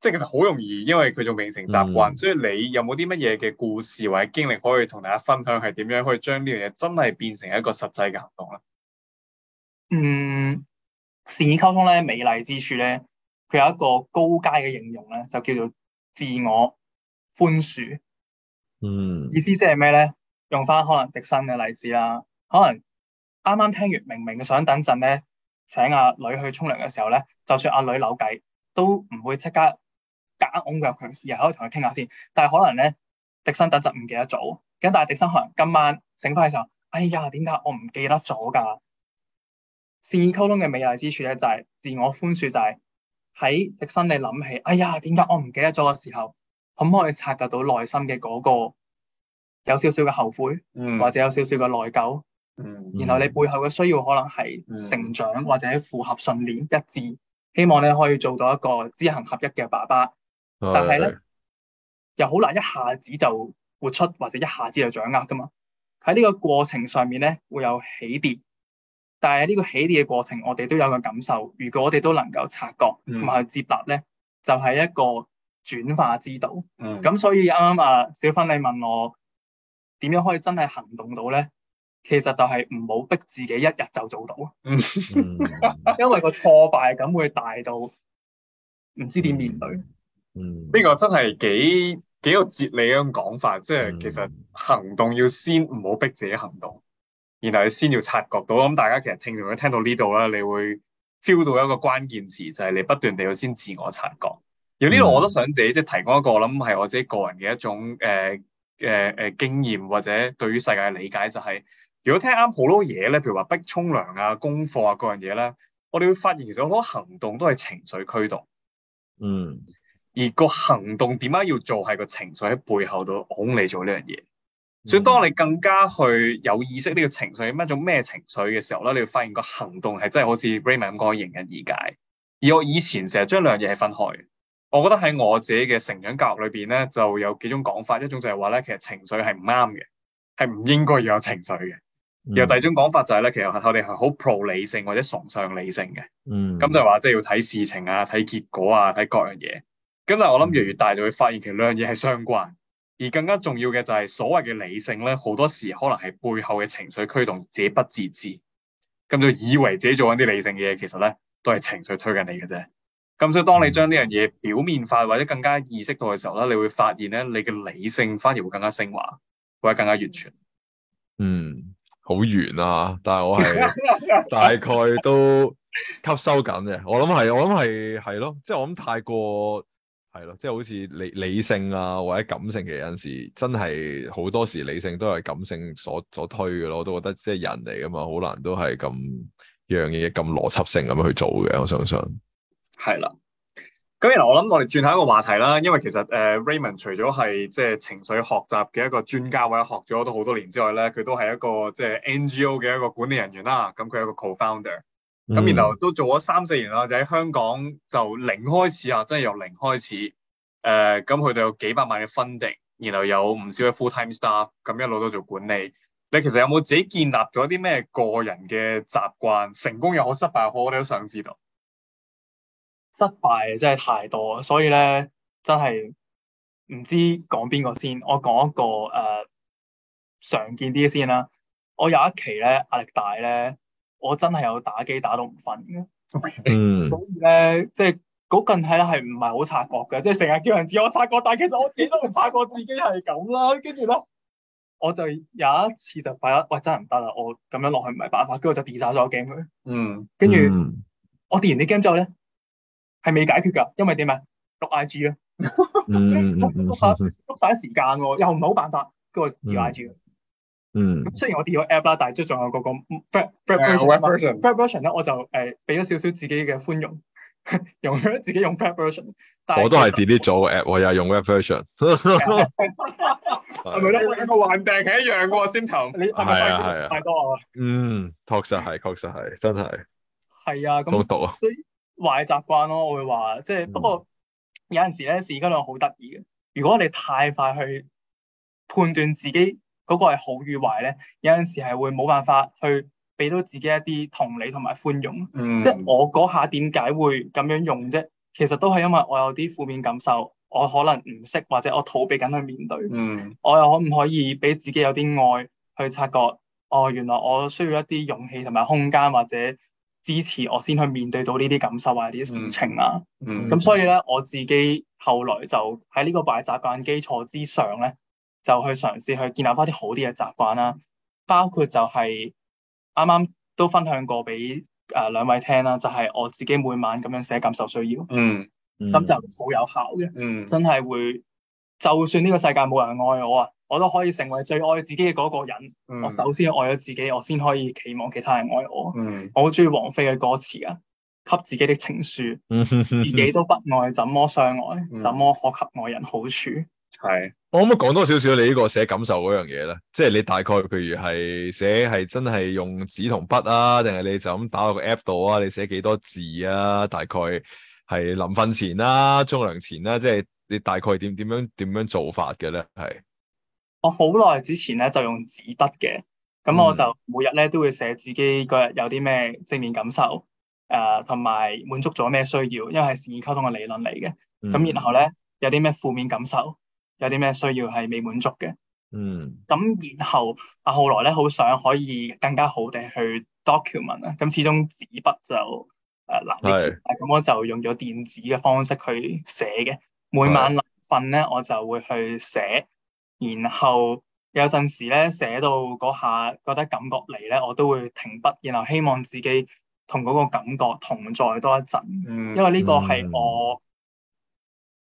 S3: 即係其實好容易，因為佢仲未成習慣，嗯、所以你有冇啲乜嘢嘅故事或者經歷可以同大家分享，係點樣可以將呢樣嘢真係變成一個實際嘅行動咧？嗯，
S2: 善意溝通咧，美麗之處咧，佢有一個高階嘅應用咧，就叫做自我寬恕。嗯，意思即係咩咧？用翻可能迪生嘅例子啦，可能啱啱聽完明明想等陣咧請阿、啊、女去沖涼嘅時候咧，就算阿、啊、女扭計，都唔會即刻。夾硬我入佢，然後可以同佢傾下先。但係可能咧，迪生等陣唔記得咗。咁但係迪生可能今晚醒翻嘅時候，哎呀，點解我唔記得咗㗎？善意溝通嘅美麗之處咧、就是，就係自我寬恕、就是，就係喺迪生你諗起，哎呀，點解我唔記得咗嘅時候，可唔可以察覺到內心嘅嗰個有少少嘅後悔，或者有少少嘅內疚。
S1: 然後
S2: 你背後嘅需要可能係成長或者符合信念一致，希望你可以做到一個知行合一嘅爸爸，
S3: 但係咧，
S2: 又好難一下子就活出，或者一下子就掌握噶嘛。喺呢個過程上面咧，會有起跌。但係喺呢個起跌嘅過程，我哋都有個感受。如果我哋都能夠察覺，同埋去接納咧，嗯、就係一個轉化之道。咁、嗯、所以啱啱啊，小芬你問我點樣可以真係行動到咧？其實就係唔好逼自己一日就做到，嗯、 因為個挫敗感會大到唔知點面對。嗯
S3: 嗯，呢個真係幾幾有哲理嘅講法，嗯、即係其實行動要先唔好逼自己行動，然後先要察覺到。咁、嗯、大家其實聽完聽到呢度咧，你會 feel 到一個關鍵詞就係、是、你不斷地要先自我察覺。而呢度我都想自己、嗯、即係提供一個，我諗係我自己個人嘅一種誒誒誒經驗或者對於世界嘅理解、就是，就係如果聽啱好多嘢咧，譬如話逼沖涼啊、功課啊各樣嘢咧，我哋會發現其實好多行動都係情緒驅動。嗯。而個行動點解要做係個情緒喺背後度㧬你做呢樣嘢，嗯、所以當你更加去有意識呢個情緒，乜種咩情緒嘅時候咧，你要發現個行動係真係好似 Raymond 咁講，迎刃而解。而我以前成日將兩樣嘢係分開嘅，我覺得喺我自己嘅成長教育裏邊咧，就有幾種講法，一種就係話咧，其實情緒係唔啱嘅，係唔應該要有情緒嘅。嗯、然後第二種講法就係咧，其實我哋係好 pro 理性或者崇尚理性嘅，咁、嗯、就話即係要睇事情啊，睇結果啊，睇各樣嘢。今日我諗越越大就會發現其實兩樣嘢係相關，而更加重要嘅就係所謂嘅理性咧，好多時可能係背後嘅情緒驅動自己不自知，咁就以為自己做緊啲理性嘅嘢，其實咧都係情緒推緊你嘅啫。咁所以當你將呢樣嘢表面化或者更加意識到嘅時候咧，你會發現咧你嘅理性反而會更加升華，或者更加完全。嗯，
S1: 好圓啊！但係我係大概都吸收緊嘅。我諗係，我諗係係咯，即係我諗太過。係咯，即係好似理理性啊，或者感性嘅，有陣時，真係好多時理性都係感性所所推嘅咯。我都覺得即係人嚟噶嘛，好難都係咁樣嘢咁邏輯性咁樣去做嘅。我相信係啦。
S3: 咁然後我諗我哋轉下一個話題啦，因為其實誒、呃、Raymond 除咗係即係情緒學習嘅一個專家，或者學咗都好多年之外咧，佢都係一個即係、就是、NGO 嘅一個管理人員啦。咁佢係一個 Co-founder。咁、嗯、然後都做咗三四年啦，就喺香港就零開始啊，真係由零開始。誒、呃，咁佢哋有幾百萬嘅 funding 然後有唔少嘅 full time staff，咁一路都做管理。你其實有冇自己建立咗啲咩個人嘅習慣？成功又好，失敗又好，我哋都想知道。失敗真係太多，所以咧真係唔知講
S2: 邊個先。我講一個誒、呃、常見啲先啦。我有一期咧壓力大咧。我真係有打機打到唔瞓，okay，嗯，
S1: 所
S2: 以咧，即係嗰近睇咧係唔係好察覺嘅，即係成日叫人自我察覺，但係其實我自己都唔察覺自己係咁啦。跟住咧，我就有一次就發覺喂，真係唔得啦，我咁樣落去唔係辦法，跟住我就 delete 晒所有 game 佢嗯，跟住著、嗯、我 delete 完啲 game 之後咧係未解決噶，因為點啊，碌 I G 啦，碌晒碌晒時間喎，又唔係好辦法，跟住我碌 I G。嗯，雖然我跌咗 app 啦，但係即仲有嗰個 web web version web version 咧，我就誒俾咗少少自己嘅寬容，
S3: 容咗自己用 web version。但我都係
S1: delete 咗 app，我又用 web version。係
S3: 咪咧？個患病係一樣嘅，先沉。係啊係啊，太多
S1: 啊。嗯，確實係，確實係，真係。
S3: 係啊，咁好毒啊！所以壞習
S2: 慣咯，我會話即係，不過有陣時咧是嗰兩好得意嘅。如果我哋太快去判斷自己，嗰個係好與壞咧，有陣時係會冇辦法去俾到自己一啲同理同埋寬容。嗯、即係我嗰下點解會咁樣用啫？其實都係因為我有啲負面感受，我可能唔識或者我逃避緊去面對。嗯、我又可唔可以俾自己有啲愛去察覺？哦，原來我需要一啲勇氣同埋空間或者支持，我先去面對到呢啲感受或者呢啲事情啊。咁、
S3: 嗯嗯、所
S2: 以咧，我自己後來就喺呢個壞習慣基礎之上咧。就去嘗試去建立翻啲好啲嘅習慣啦、啊，包括就係啱啱都分享過俾誒、呃、兩位聽啦、啊，就係、是、我自己每晚咁樣寫感受需要，
S3: 嗯，咁就
S2: 好有效嘅，嗯，嗯，真係會，就算呢個世界冇人愛我啊，我都可以成為最愛自己嘅嗰個人，嗯、我首先愛咗自己，我先可以期望其他人愛我，嗯、我好中意王菲嘅歌詞啊，給自己的情書，
S1: 自己
S2: 都不愛，怎麼相愛？怎麼可給愛人好處？
S3: 係，
S1: 是我可唔可以講多少少你呢個寫感受嗰樣嘢咧？即、就、係、是、你大概，譬如係寫係真係用紙同筆啊，定係你就咁打落個 app 度啊？你寫幾多字啊？大概係臨瞓前啦、啊、沖涼前啦、啊，即、就、係、是、你大概點點樣點樣做法嘅咧？係
S2: 我好耐之前咧就用紙筆嘅，咁我就每日咧都會寫自己嗰日有啲咩正面感受誒，同埋滿足咗咩需要，因為係善意溝通嘅理論嚟嘅。咁然後咧有啲咩負面感受？有啲咩需要係未滿足嘅，嗯，咁然後阿後、啊、來咧好想可以更加好地去 document 啊，咁始終紙筆就誒嗱呢件事，咁、呃、是我就用咗電子嘅方式去寫嘅。每晚瞓咧是我就會去寫，然後有陣時咧寫到嗰下覺得感覺嚟咧，我都會停筆，然後希望自己同嗰個感覺同在多一陣，嗯、因為呢個係我、嗯。嗯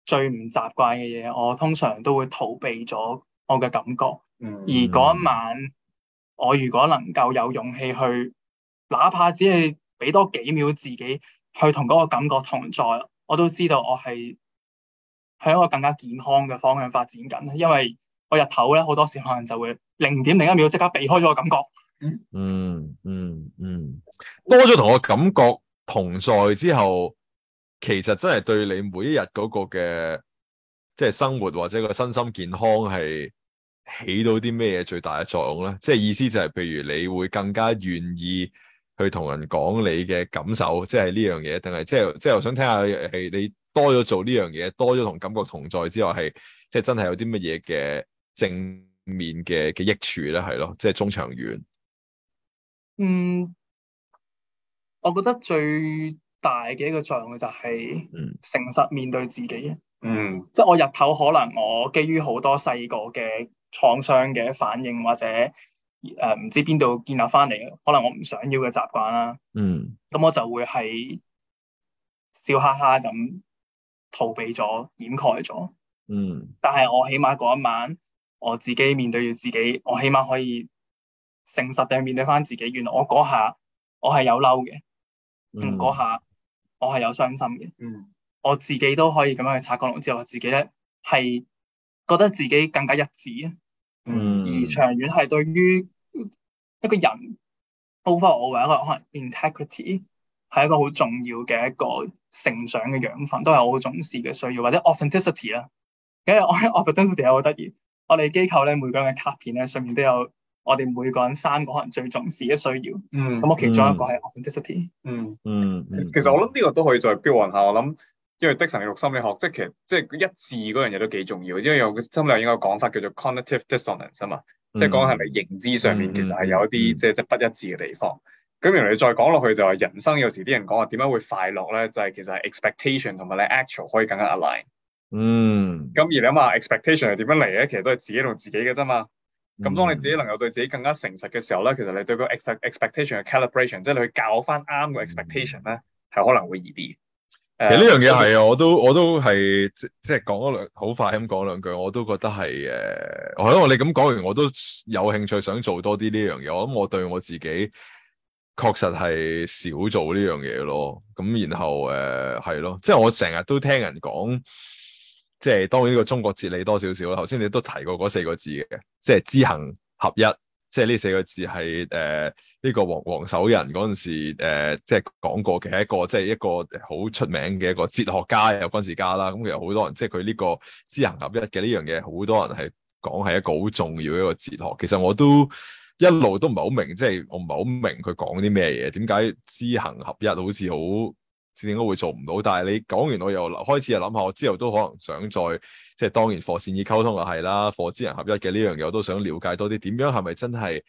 S2: 最唔習慣嘅嘢，我通常都會逃避咗我嘅感覺。嗯、
S3: 而嗰
S2: 一晚，嗯、我如果能夠有勇氣去，哪怕只係俾多幾秒自己去同嗰個感覺同在，我都知道我係向一個更加健康嘅方向發展緊。因為我日頭咧，好多時可能就會零點零一秒即刻避開咗個感覺。嗯嗯嗯
S1: 嗯，多咗同個感覺同在之後。其實真係對你每一日嗰個嘅即係生活或者個身心健康係起到啲咩嘢最大嘅作用咧？即係意思就係譬如你會更加願意去同人講你嘅感受，即係呢樣嘢，定係即係即係我想聽下係你多咗做呢樣嘢，多咗同感覺同在之外，係即係真係有啲乜嘢嘅正面嘅嘅益處咧？係咯，即係中長遠。
S2: 嗯，我覺得最大嘅一個障礙就係誠實面對自己。嗯，即係我日頭可能我基於好多細個嘅創傷嘅反應或者誒唔、呃、知邊度建立翻嚟，可能我唔想要嘅習慣啦。嗯。咁、嗯、我就會係笑哈哈咁逃避咗、掩蓋咗。嗯。但係我起碼嗰一晚，我自己面對住自己，我起碼可以誠實地面對翻自己。原來我嗰下我係有嬲嘅，嗰下、嗯。嗯我係有傷心嘅，mm. 我自己都可以咁樣去察覺龍之後，自己咧係覺得自己更加一致啊。
S3: Mm. 而
S2: 長遠係對於一個人 over 我為一個可能 integrity 係一個好重要嘅一個成長嘅養分，都係我好重視嘅需要，或者 authenticity 啦。因為我 authenticity 又好得意，我哋機構咧每個人嘅卡片咧上面都有。我哋每個人三個可能最重視嘅
S3: 需要，嗯，咁我其中一個係 authenticity，嗯嗯，嗯嗯其實我諗呢個都可以再標雲下，我諗因為廸生你讀心理學，即係其實即係一致嗰樣嘢都幾重要，因為有心理學應該有個講法叫做 cognitive dissonance 啊嘛，嗯、即係講係咪認知上面、嗯嗯、其實係有一啲即係即係不一致嘅地方。咁原來你再講落去就係人生有時啲人講話點解會快樂咧，就係、是、其實 expectation 同埋你 actual 可以更加 align。嗯，咁而你諗下 expectation 係點樣嚟咧？其實都係自己同自己嘅啫嘛。咁、嗯、當你自己能夠對自己更加誠實嘅時候咧，其實你對個 expectation 嘅 calibration，即係你去教翻啱個 expectation 咧，係可能會易啲。Uh, 其實呢樣嘢係
S1: 啊，我都我都係即即係講咗兩好快咁講兩句，我都覺得係誒，係咯，你咁講完我都有興趣想做多啲呢樣嘢。我諗我對我自己確實係少做呢樣嘢咯。咁然後誒係、呃、咯，即係我成日都聽人講。即係當然呢個中國哲理多少少啦。頭先你都提過嗰四個字嘅，即係知行合一。即係呢四個字係誒呢個王王守仁嗰陣時、呃、即係講過嘅，一個即係一個好出名嘅一個哲學家又軍事家啦。咁其實好多人即係佢呢個知行合一嘅呢樣嘢，好多人係講係一個好重要一個哲學。其實我都一路都唔係好明，即係我唔係好明佢講啲咩嘢，點解知行合一好似好？點解會做唔到？但係你講完我又開始又諗下，我之後都可能想再即係，當然火善意溝通又係啦，火知人合一嘅呢樣嘢，我都想了解多啲。點樣係咪真係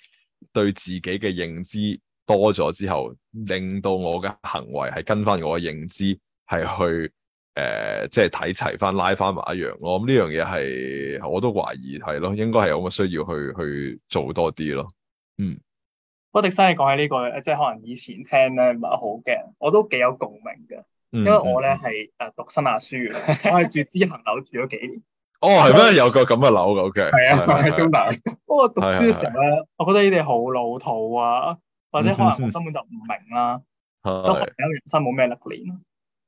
S1: 對自己嘅認知多咗之後，令到我嘅行為係跟翻我嘅認知係去誒、呃，即係睇齊翻拉翻埋一樣。我諗呢樣嘢係我都懷疑係咯，應該係有咁嘅需要去去做多啲咯。嗯。
S2: 我迪生，你講起呢個，即係可能以前聽咧唔係好驚，我都幾有共鳴
S1: 嘅，因為我
S2: 咧係誒讀新亞書嘅，嗯、我係住知行樓住咗幾年。 后哦，係咩？
S1: 有個咁嘅樓嘅 O K。係、okay, 啊，啊中大。不 過
S2: 讀書嘅時候咧，是是是我覺得呢啲好老土啊，
S1: 或者可能根
S2: 本就唔明啦、啊。
S1: 都係
S2: 人生冇咩歷練。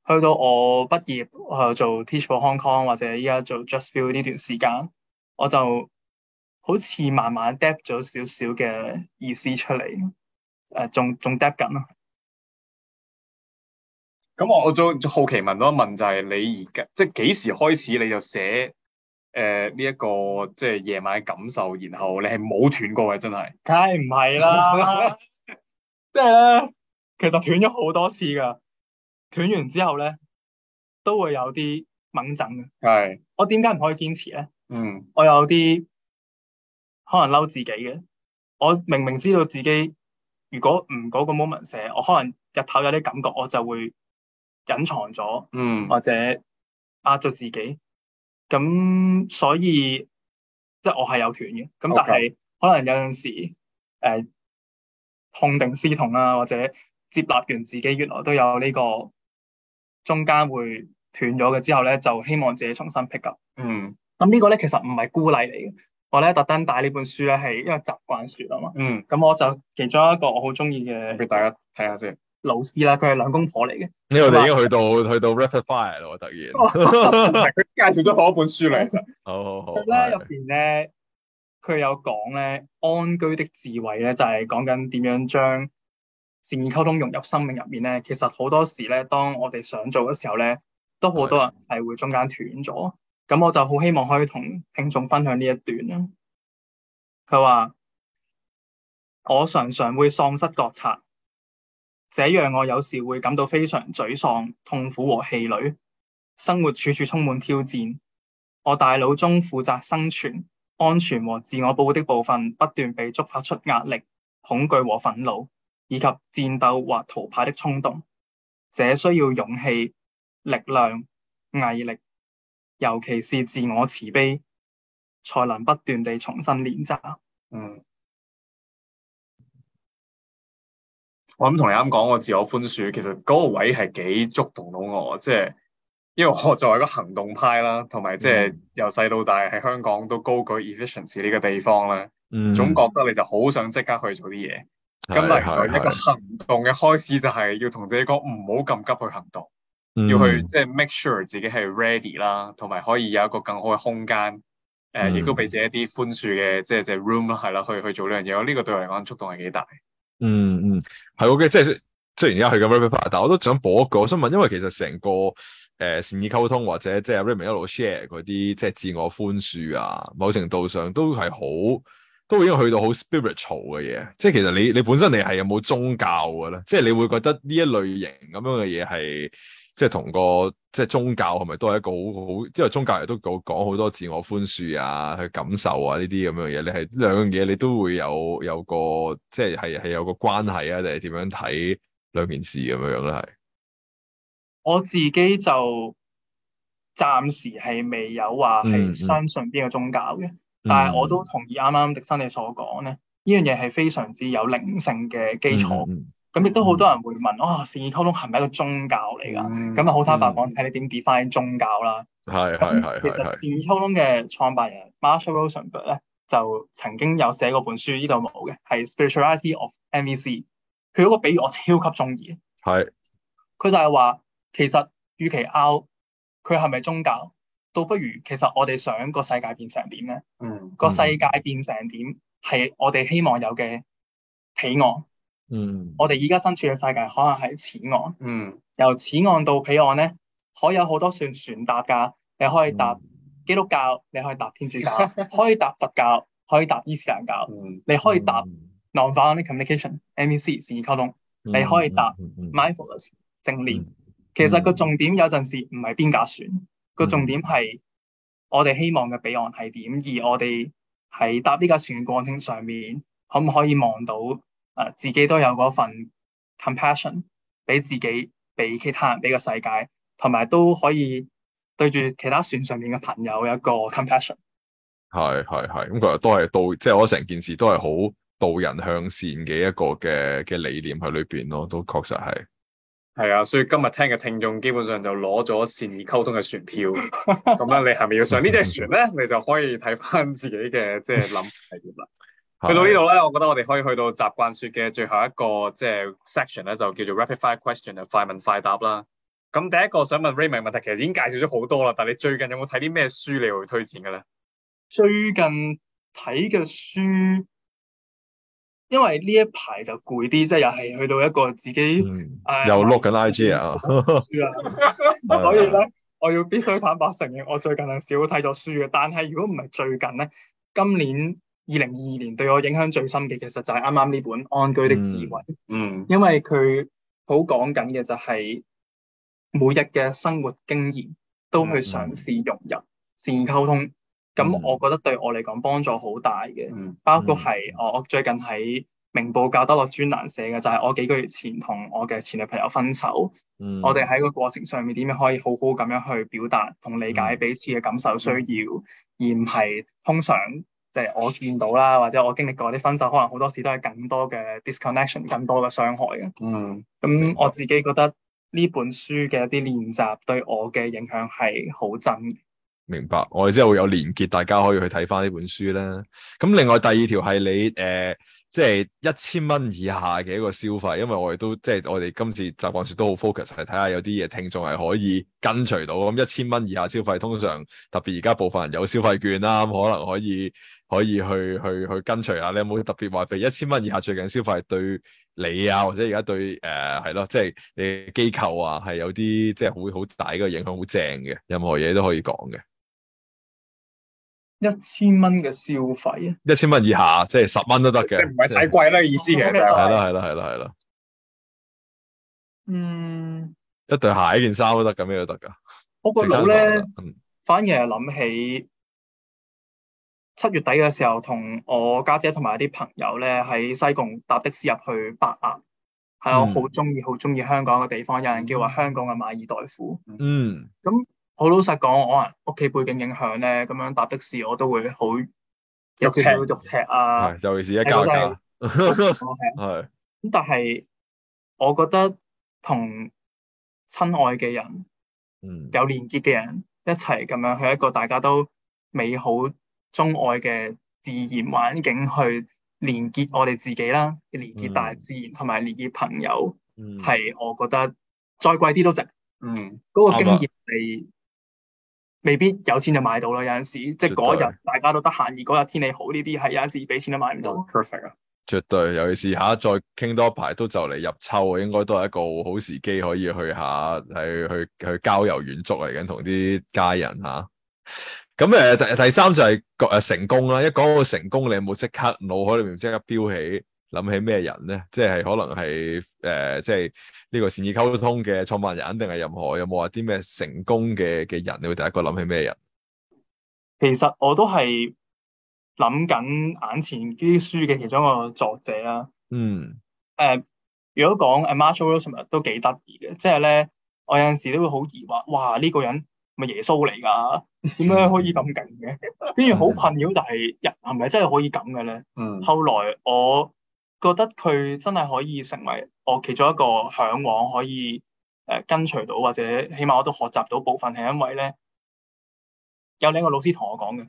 S2: 去到我畢業，我做 Teach for Hong Kong，或者依家做 Just Feel 呢段時間，我就～好似慢慢 dep 咗少少嘅意思出嚟，誒仲仲 depth 緊咯。
S3: 咁我我仲好奇問多一問，就係、是、你而家即係幾時開始你就寫誒呢一個即係夜晚嘅感受，然後你係冇斷過嘅真係？梗係唔係啦！
S2: 即係咧，其實斷咗好多次㗎。斷完之後咧，都會有啲掹震嘅。係。我點解唔可以堅持咧？嗯。我有啲。可能嬲自己嘅，我明明知道自己如果唔嗰個 moment 寫，我可能日頭有啲感覺，我就會隱藏咗，嗯，或者壓咗自己，咁所以即係我係有斷嘅，咁但係 Okay. 可能有陣時誒痛定思痛啊，或者接納完自己原來都有呢個中間會斷咗嘅之後咧，就希望自己重新 pick up 嗯，咁呢個咧其實唔係孤例嚟嘅。我咧特登帶呢本書咧，係因為習慣説啊嘛。嗯。咁我就其中一個我好中意嘅。俾大家睇下先。老師啦，佢係兩公婆嚟嘅。呢度我哋已經去
S1: 到、嗯、去到 refer fire 咯，突然。佢 介紹咗好一本書嚟、 哦，好好好。咧
S2: 入邊咧，佢的有講咧安居的智慧咧，就係講緊點樣將善意溝通融入生命入面咧。其實好多時咧，當我哋想做嘅時候咧，都好多人係會中間斷咗。咁我就好希望可以同聽眾分享呢一段啦。佢話我常常會喪失覺察，這讓我有時會感到非常沮喪、痛苦和氣餒。生活處處充滿挑戰，我大腦中負責生存、安全和自我保護的部分不斷被觸發出壓力、恐懼和憤怒，以及戰鬥或逃跑的衝動。這需要勇氣、力量、毅力。尤其是自我慈悲，才能不斷地重新練習。嗯，
S3: 我諗同你啱講，我自我寬恕，其實嗰個位係幾觸動到我。即係因為我作為一個行動派啦，同埋即係由細到大喺香港都高舉 efficiency 呢個地方咧，嗯、總覺得你就好想即刻去做啲嘢。咁、嗯、但係、嗯嗯、一個行動嘅開始，就係要同自己講唔好咁急去行動。嗯、要去即係、就是、make sure 自己係 ready 啦，同埋可以有一個更好嘅空間，誒、呃、亦、嗯、都俾自己一啲寬恕嘅，即係即係 room 啦，係啦，去去做呢樣嘢。呢個對我嚟講觸動係幾大嗯。嗯
S1: 嗯，係 OK，即係雖然而家去緊，但我都想補一個，我想問，因為其實成個誒、呃、善意溝通或者即係 Raymond 一路 share 嗰啲，即係自我寬恕啊，某程度上都係好，都已經去到好 spiritual 嘅嘢。即係其實你你本身你係有冇宗教嘅咧？即係你會覺得呢一類型咁樣嘅嘢係？即係同個即係宗教係咪都係一個好好？因為宗教亦都講講好多自我寬恕啊、去感受啊呢啲咁樣嘢。你係兩樣嘢，你都會有有個即係係係有個關係啊，定係點樣睇兩件事咁樣樣咧？係我自己
S2: 就暫時係未有話係相信邊個宗教嘅，嗯嗯、但係我都同意啱啱迪生你所講咧，呢樣嘢係非常之有靈性嘅基礎。嗯嗯嗯咁亦都好多人會問，哇、嗯啊！善意溝通係咪一個宗教嚟㗎？咁啊、嗯，好坦白講，睇你點 define 宗教啦。
S1: 係係係。其實
S2: 善意溝通嘅創辦人 Marshall Rosenberg 咧，就曾經有寫過本書，呢度冇嘅，係 Spirituality of MVC。佢嗰個比喻我超級中意。
S1: 係是。
S2: 佢就係話，其實與其拗佢係咪宗教，倒不如其實我哋想個世界變成點咧？嗯。個世界變成點係我哋希望有嘅彼岸。嗯嗯，mm. 我哋而家身處嘅世界可能係此岸，嗯，mm. 由此岸到彼岸咧，可以有好多船船搭噶，你可以搭基督教，你可以搭天主教， 可以搭佛教，可以搭伊斯蘭教，mm. 你可以搭 nonviolent communication，NVC 善意溝通，mm. 你可以搭 mindfulness 正念。Mm. 其實個重點有陣時唔係邊架船，個、mm. 重點係我哋希望嘅彼岸係點，而我哋喺搭呢架船嘅過程上面，可唔可以望到？誒自己都有嗰份 compassion 俾自己，俾其他人，俾個世界，同埋都可以對住其他船上面嘅朋友有一個 compassion。
S1: 係係係，咁其、嗯、實都係導，即、就、係、是、我成件事都係好導人向善嘅一個嘅嘅理念喺裏邊咯，都確實係。
S3: 係啊，所以今日聽嘅聽眾基本上就攞咗善意溝通嘅船票，咁樣 你係咪要上呢隻船咧？ 你就可以睇翻自己嘅即係諗
S1: 係點啦。就是 去到呢度
S3: 咧，我覺得我哋可以去到習慣說嘅最後一個即係、就是、section 咧，就叫做 rapid fire question 啊，快問快答啦。咁第一個想問 Raymond 嘅問題，其實已經介紹咗好多啦。但係你最近有冇睇啲咩書？你會推薦嘅咧？
S2: 最近睇嘅書，因為呢一排就攰啲，即係又係去到一個自己誒，嗯呃、又
S1: look 緊 IG 啊，
S2: 所以咧，我要必須坦白承認，我最近係少睇咗書嘅。但係如果唔係最近咧，今年。二零二二年對我影響最深嘅，其實就係啱啱呢本《安居的智慧》，嗯嗯、因為佢好講緊嘅就係每日嘅生活經驗都去嘗試融入、善意、嗯嗯、溝通。咁、嗯、我覺得對我嚟講幫助好大嘅，嗯嗯、包括係我最近喺明報教得樂專欄寫嘅，就係我幾個月前同我嘅前女朋友分手，嗯嗯、我哋喺個過程上面點樣可以好好咁樣去表達同理解彼此嘅感受、需要，嗯嗯嗯、而唔係通常。即係我見到啦，或者我經歷過啲分手，可能好多時都係更多嘅 disconnection，更多嘅傷害嘅。嗯，咁我自己覺得呢本書嘅一啲練習對我嘅影響係好真。
S1: 明白，我哋之後會有連結，大家可以去睇翻呢本書啦。咁另外第二條係你誒，即係一千蚊以下嘅一個消費，因為我哋都即係、就是、我哋今次習慣說都好 focus 係睇下有啲嘢聽眾係可以跟隨到。咁一千蚊以下消費，通常特別而家部分人有消費券啦，咁可能可以。可以去去去跟隨下，你有冇特別話，譬如一千蚊以下最近消費對你啊，或者而家對誒係咯，即係你機構啊，係有啲即係好好大嗰個影響，好正嘅，任何嘢都可以講嘅。一
S2: 千蚊嘅消費
S1: 啊！一千蚊以下，即係十蚊都得嘅，唔係太貴啦。意思嘅，係啦，係啦，係啦，係啦。嗯，一對鞋一件衫都得，咩都得噶。我覺得咧，
S2: 反而係諗起七月底嘅時候，同我家姐同埋啲朋友咧，喺西貢搭的士入去白牙，
S3: 係、嗯、我好
S2: 中意、好中意香港嘅地方。有人叫話香港嘅馬爾代夫。嗯。咁好老實講，我可能屋企背景影響咧，咁樣搭的士我都會好
S1: 有少少肉
S2: 赤啊，尤其是一交界。
S1: 咁
S2: 的 但係我覺得同親愛嘅人，嗯，有連結嘅人一齊咁樣，係一個大家都美好鍾愛嘅自然環境去連結我哋自己啦，嗯、連結大自然同埋連結朋友，係、嗯、我覺得再貴啲都值。嗯，
S3: 嗰個經驗
S2: 係、嗯、未必有錢就買到啦，有陣時對即係嗰日大家都得閒，而嗰日天氣好呢啲係有陣時俾錢都買唔到。嗯、perfect 啊，
S1: 絕對！尤其是下再傾多一排都就嚟入秋啊，應該都係一個好時機，可以去下係去去郊遊遠足嚟緊，同啲家人吓。啊咁誒，第、呃、第三就係個誒成功啦。一講到成功，你有冇即刻腦海裏面即刻標起諗起咩人咧？即係可能係誒、呃，即係呢個善意溝通嘅創辦人，定係任何有冇話啲咩成功嘅嘅人？你會第一個諗起咩人？其實我都係
S2: 諗緊眼前呢啲書嘅其中一個作者啦。嗯。誒、呃，如果講 Marshall Rosenberg 都幾得意嘅，即係咧，我有陣時都會好疑惑，哇、呢、這個人。咪耶穌嚟㗎，點解可以咁勁嘅？跟住好困擾，但係人係咪真係可以咁嘅咧？嗯。後來我覺得佢真係可以成為我其中一個向往，可以誒跟隨到，或者起碼我都學習到部分，係因為咧有兩個老師同我講嘅，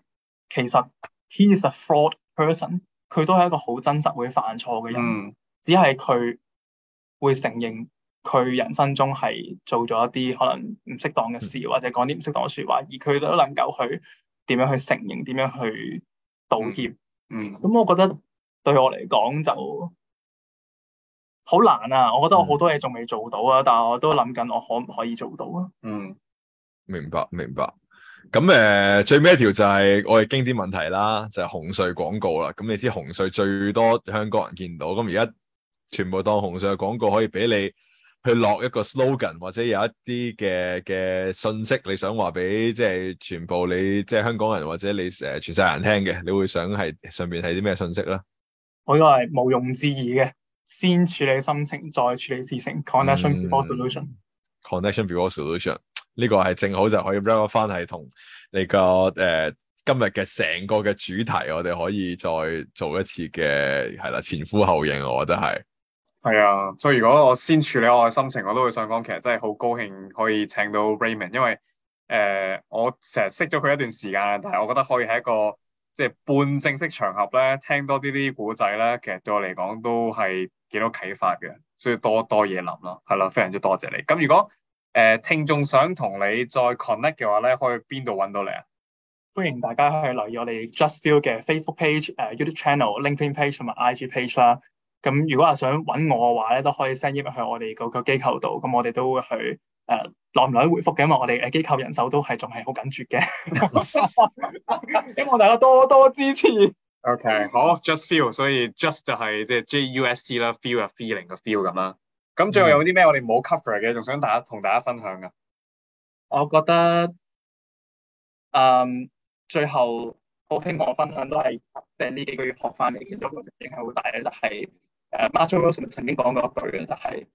S2: 其實 He is a flawed person，佢都係一個好真實會犯錯嘅人，嗯、只係佢會承認。佢人生中係做咗一啲可能唔適當嘅事，嗯、或者講啲唔適當嘅説話，嗯、而佢都能夠去點樣去承認，點樣去道歉。嗯，咁、嗯、我覺得對我嚟講就好難啊！我覺得我好多嘢仲未做到啊，嗯、但我都諗緊我可唔可以做到啊？嗯，
S1: 明白，明白。咁誒、呃，最尾一條就係、是、我哋經典問題啦，就係、是、紅隧廣告啦。咁你知紅隧最多香港人見到，咁而家全部當紅隧嘅廣告可以俾你。去落一個 slogan 或者有一啲嘅嘅信息，你想話俾即係全部你即係香港人或者你誒全世人聽嘅，你會想係上邊係啲咩信息啦？
S2: 我覺得係毋庸置疑嘅，先處理心情，再處理事情，connection for solution。
S1: connection before solution 呢、嗯、個係正好就可以翻翻係同你、呃、個誒今日嘅成個嘅主題，我哋可以再做一次嘅係啦，前呼後應，我覺得係。係
S3: 啊，所以如果我先處理我嘅心情，我都會想講，其實真係好高興可以請到 Raymond，因為誒、呃、我成日識咗佢一段時間，但係我覺得可以喺一個即係半正式場合咧，聽多啲啲古仔咧，其實對我嚟講都係幾多啟發嘅，所以多多嘢諗咯，係啦，非常之多謝你。咁如果誒、呃、聽眾想同你再 connect 嘅話咧，可以邊度揾到你啊？歡迎大家去留意我哋 JUST FEEL 嘅
S2: Facebook page、誒 YouTube channel、LinkedIn page 同埋 IG page 啦。咁如果係想揾我嘅話咧，都可以 send email 去我哋嗰個機構度，咁我哋都會去誒耐唔耐回覆嘅，因為我哋誒機構人手都係仲係好緊絀嘅。 希望大家多多支
S3: 持。OK，好，just feel，所以 just 就係即係 J U S T 啦，feel 啊，feeling 個 feel 咁啦。咁、嗯、最後有啲咩我哋冇 cover 嘅，仲想大家同大家分享㗎？我
S2: 覺得，嗯，最後好希望分享都係即係呢幾個月學翻嚟，其中嘅影響好大嘅，就係。誒 Marshall 曾曾經講過一句嘅，就係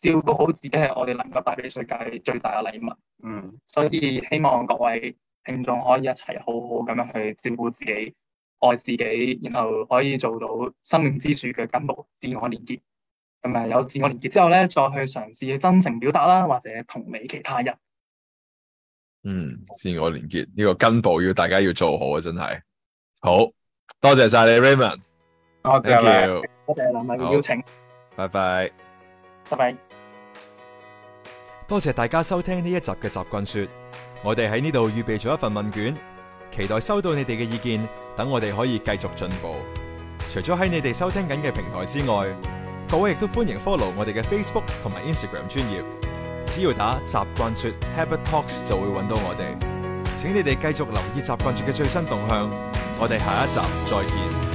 S2: 照顧好自己係我哋能夠帶俾世界最大嘅禮物。嗯，所以希望各位聽眾可以一齊好好咁樣去照顧自己、愛自己，然後可以做到生命之樹嘅根部自我連結。咁啊，有自我連結之後咧，再去嘗試去真誠表達啦，或者同理其他人。嗯，
S1: 自我連結呢、這個根部要大家要做好啊！真係好多謝晒你 Raymond，多謝多謝兩位嘅好邀請，拜拜，拜拜。多謝大家收聽呢一集嘅習慣說，我哋喺呢度預備咗一份問卷，期待收到你哋嘅意見，等我哋可以繼續進步。除咗喺你哋收聽緊嘅平台之外，各位亦都歡迎 follow 我哋嘅 Facebook 同埋 Instagram 專頁，只要打習慣說，mm hmm. habit talks 就會揾到我哋。請你哋繼續留意習慣說嘅最新動向，我哋下一集再見。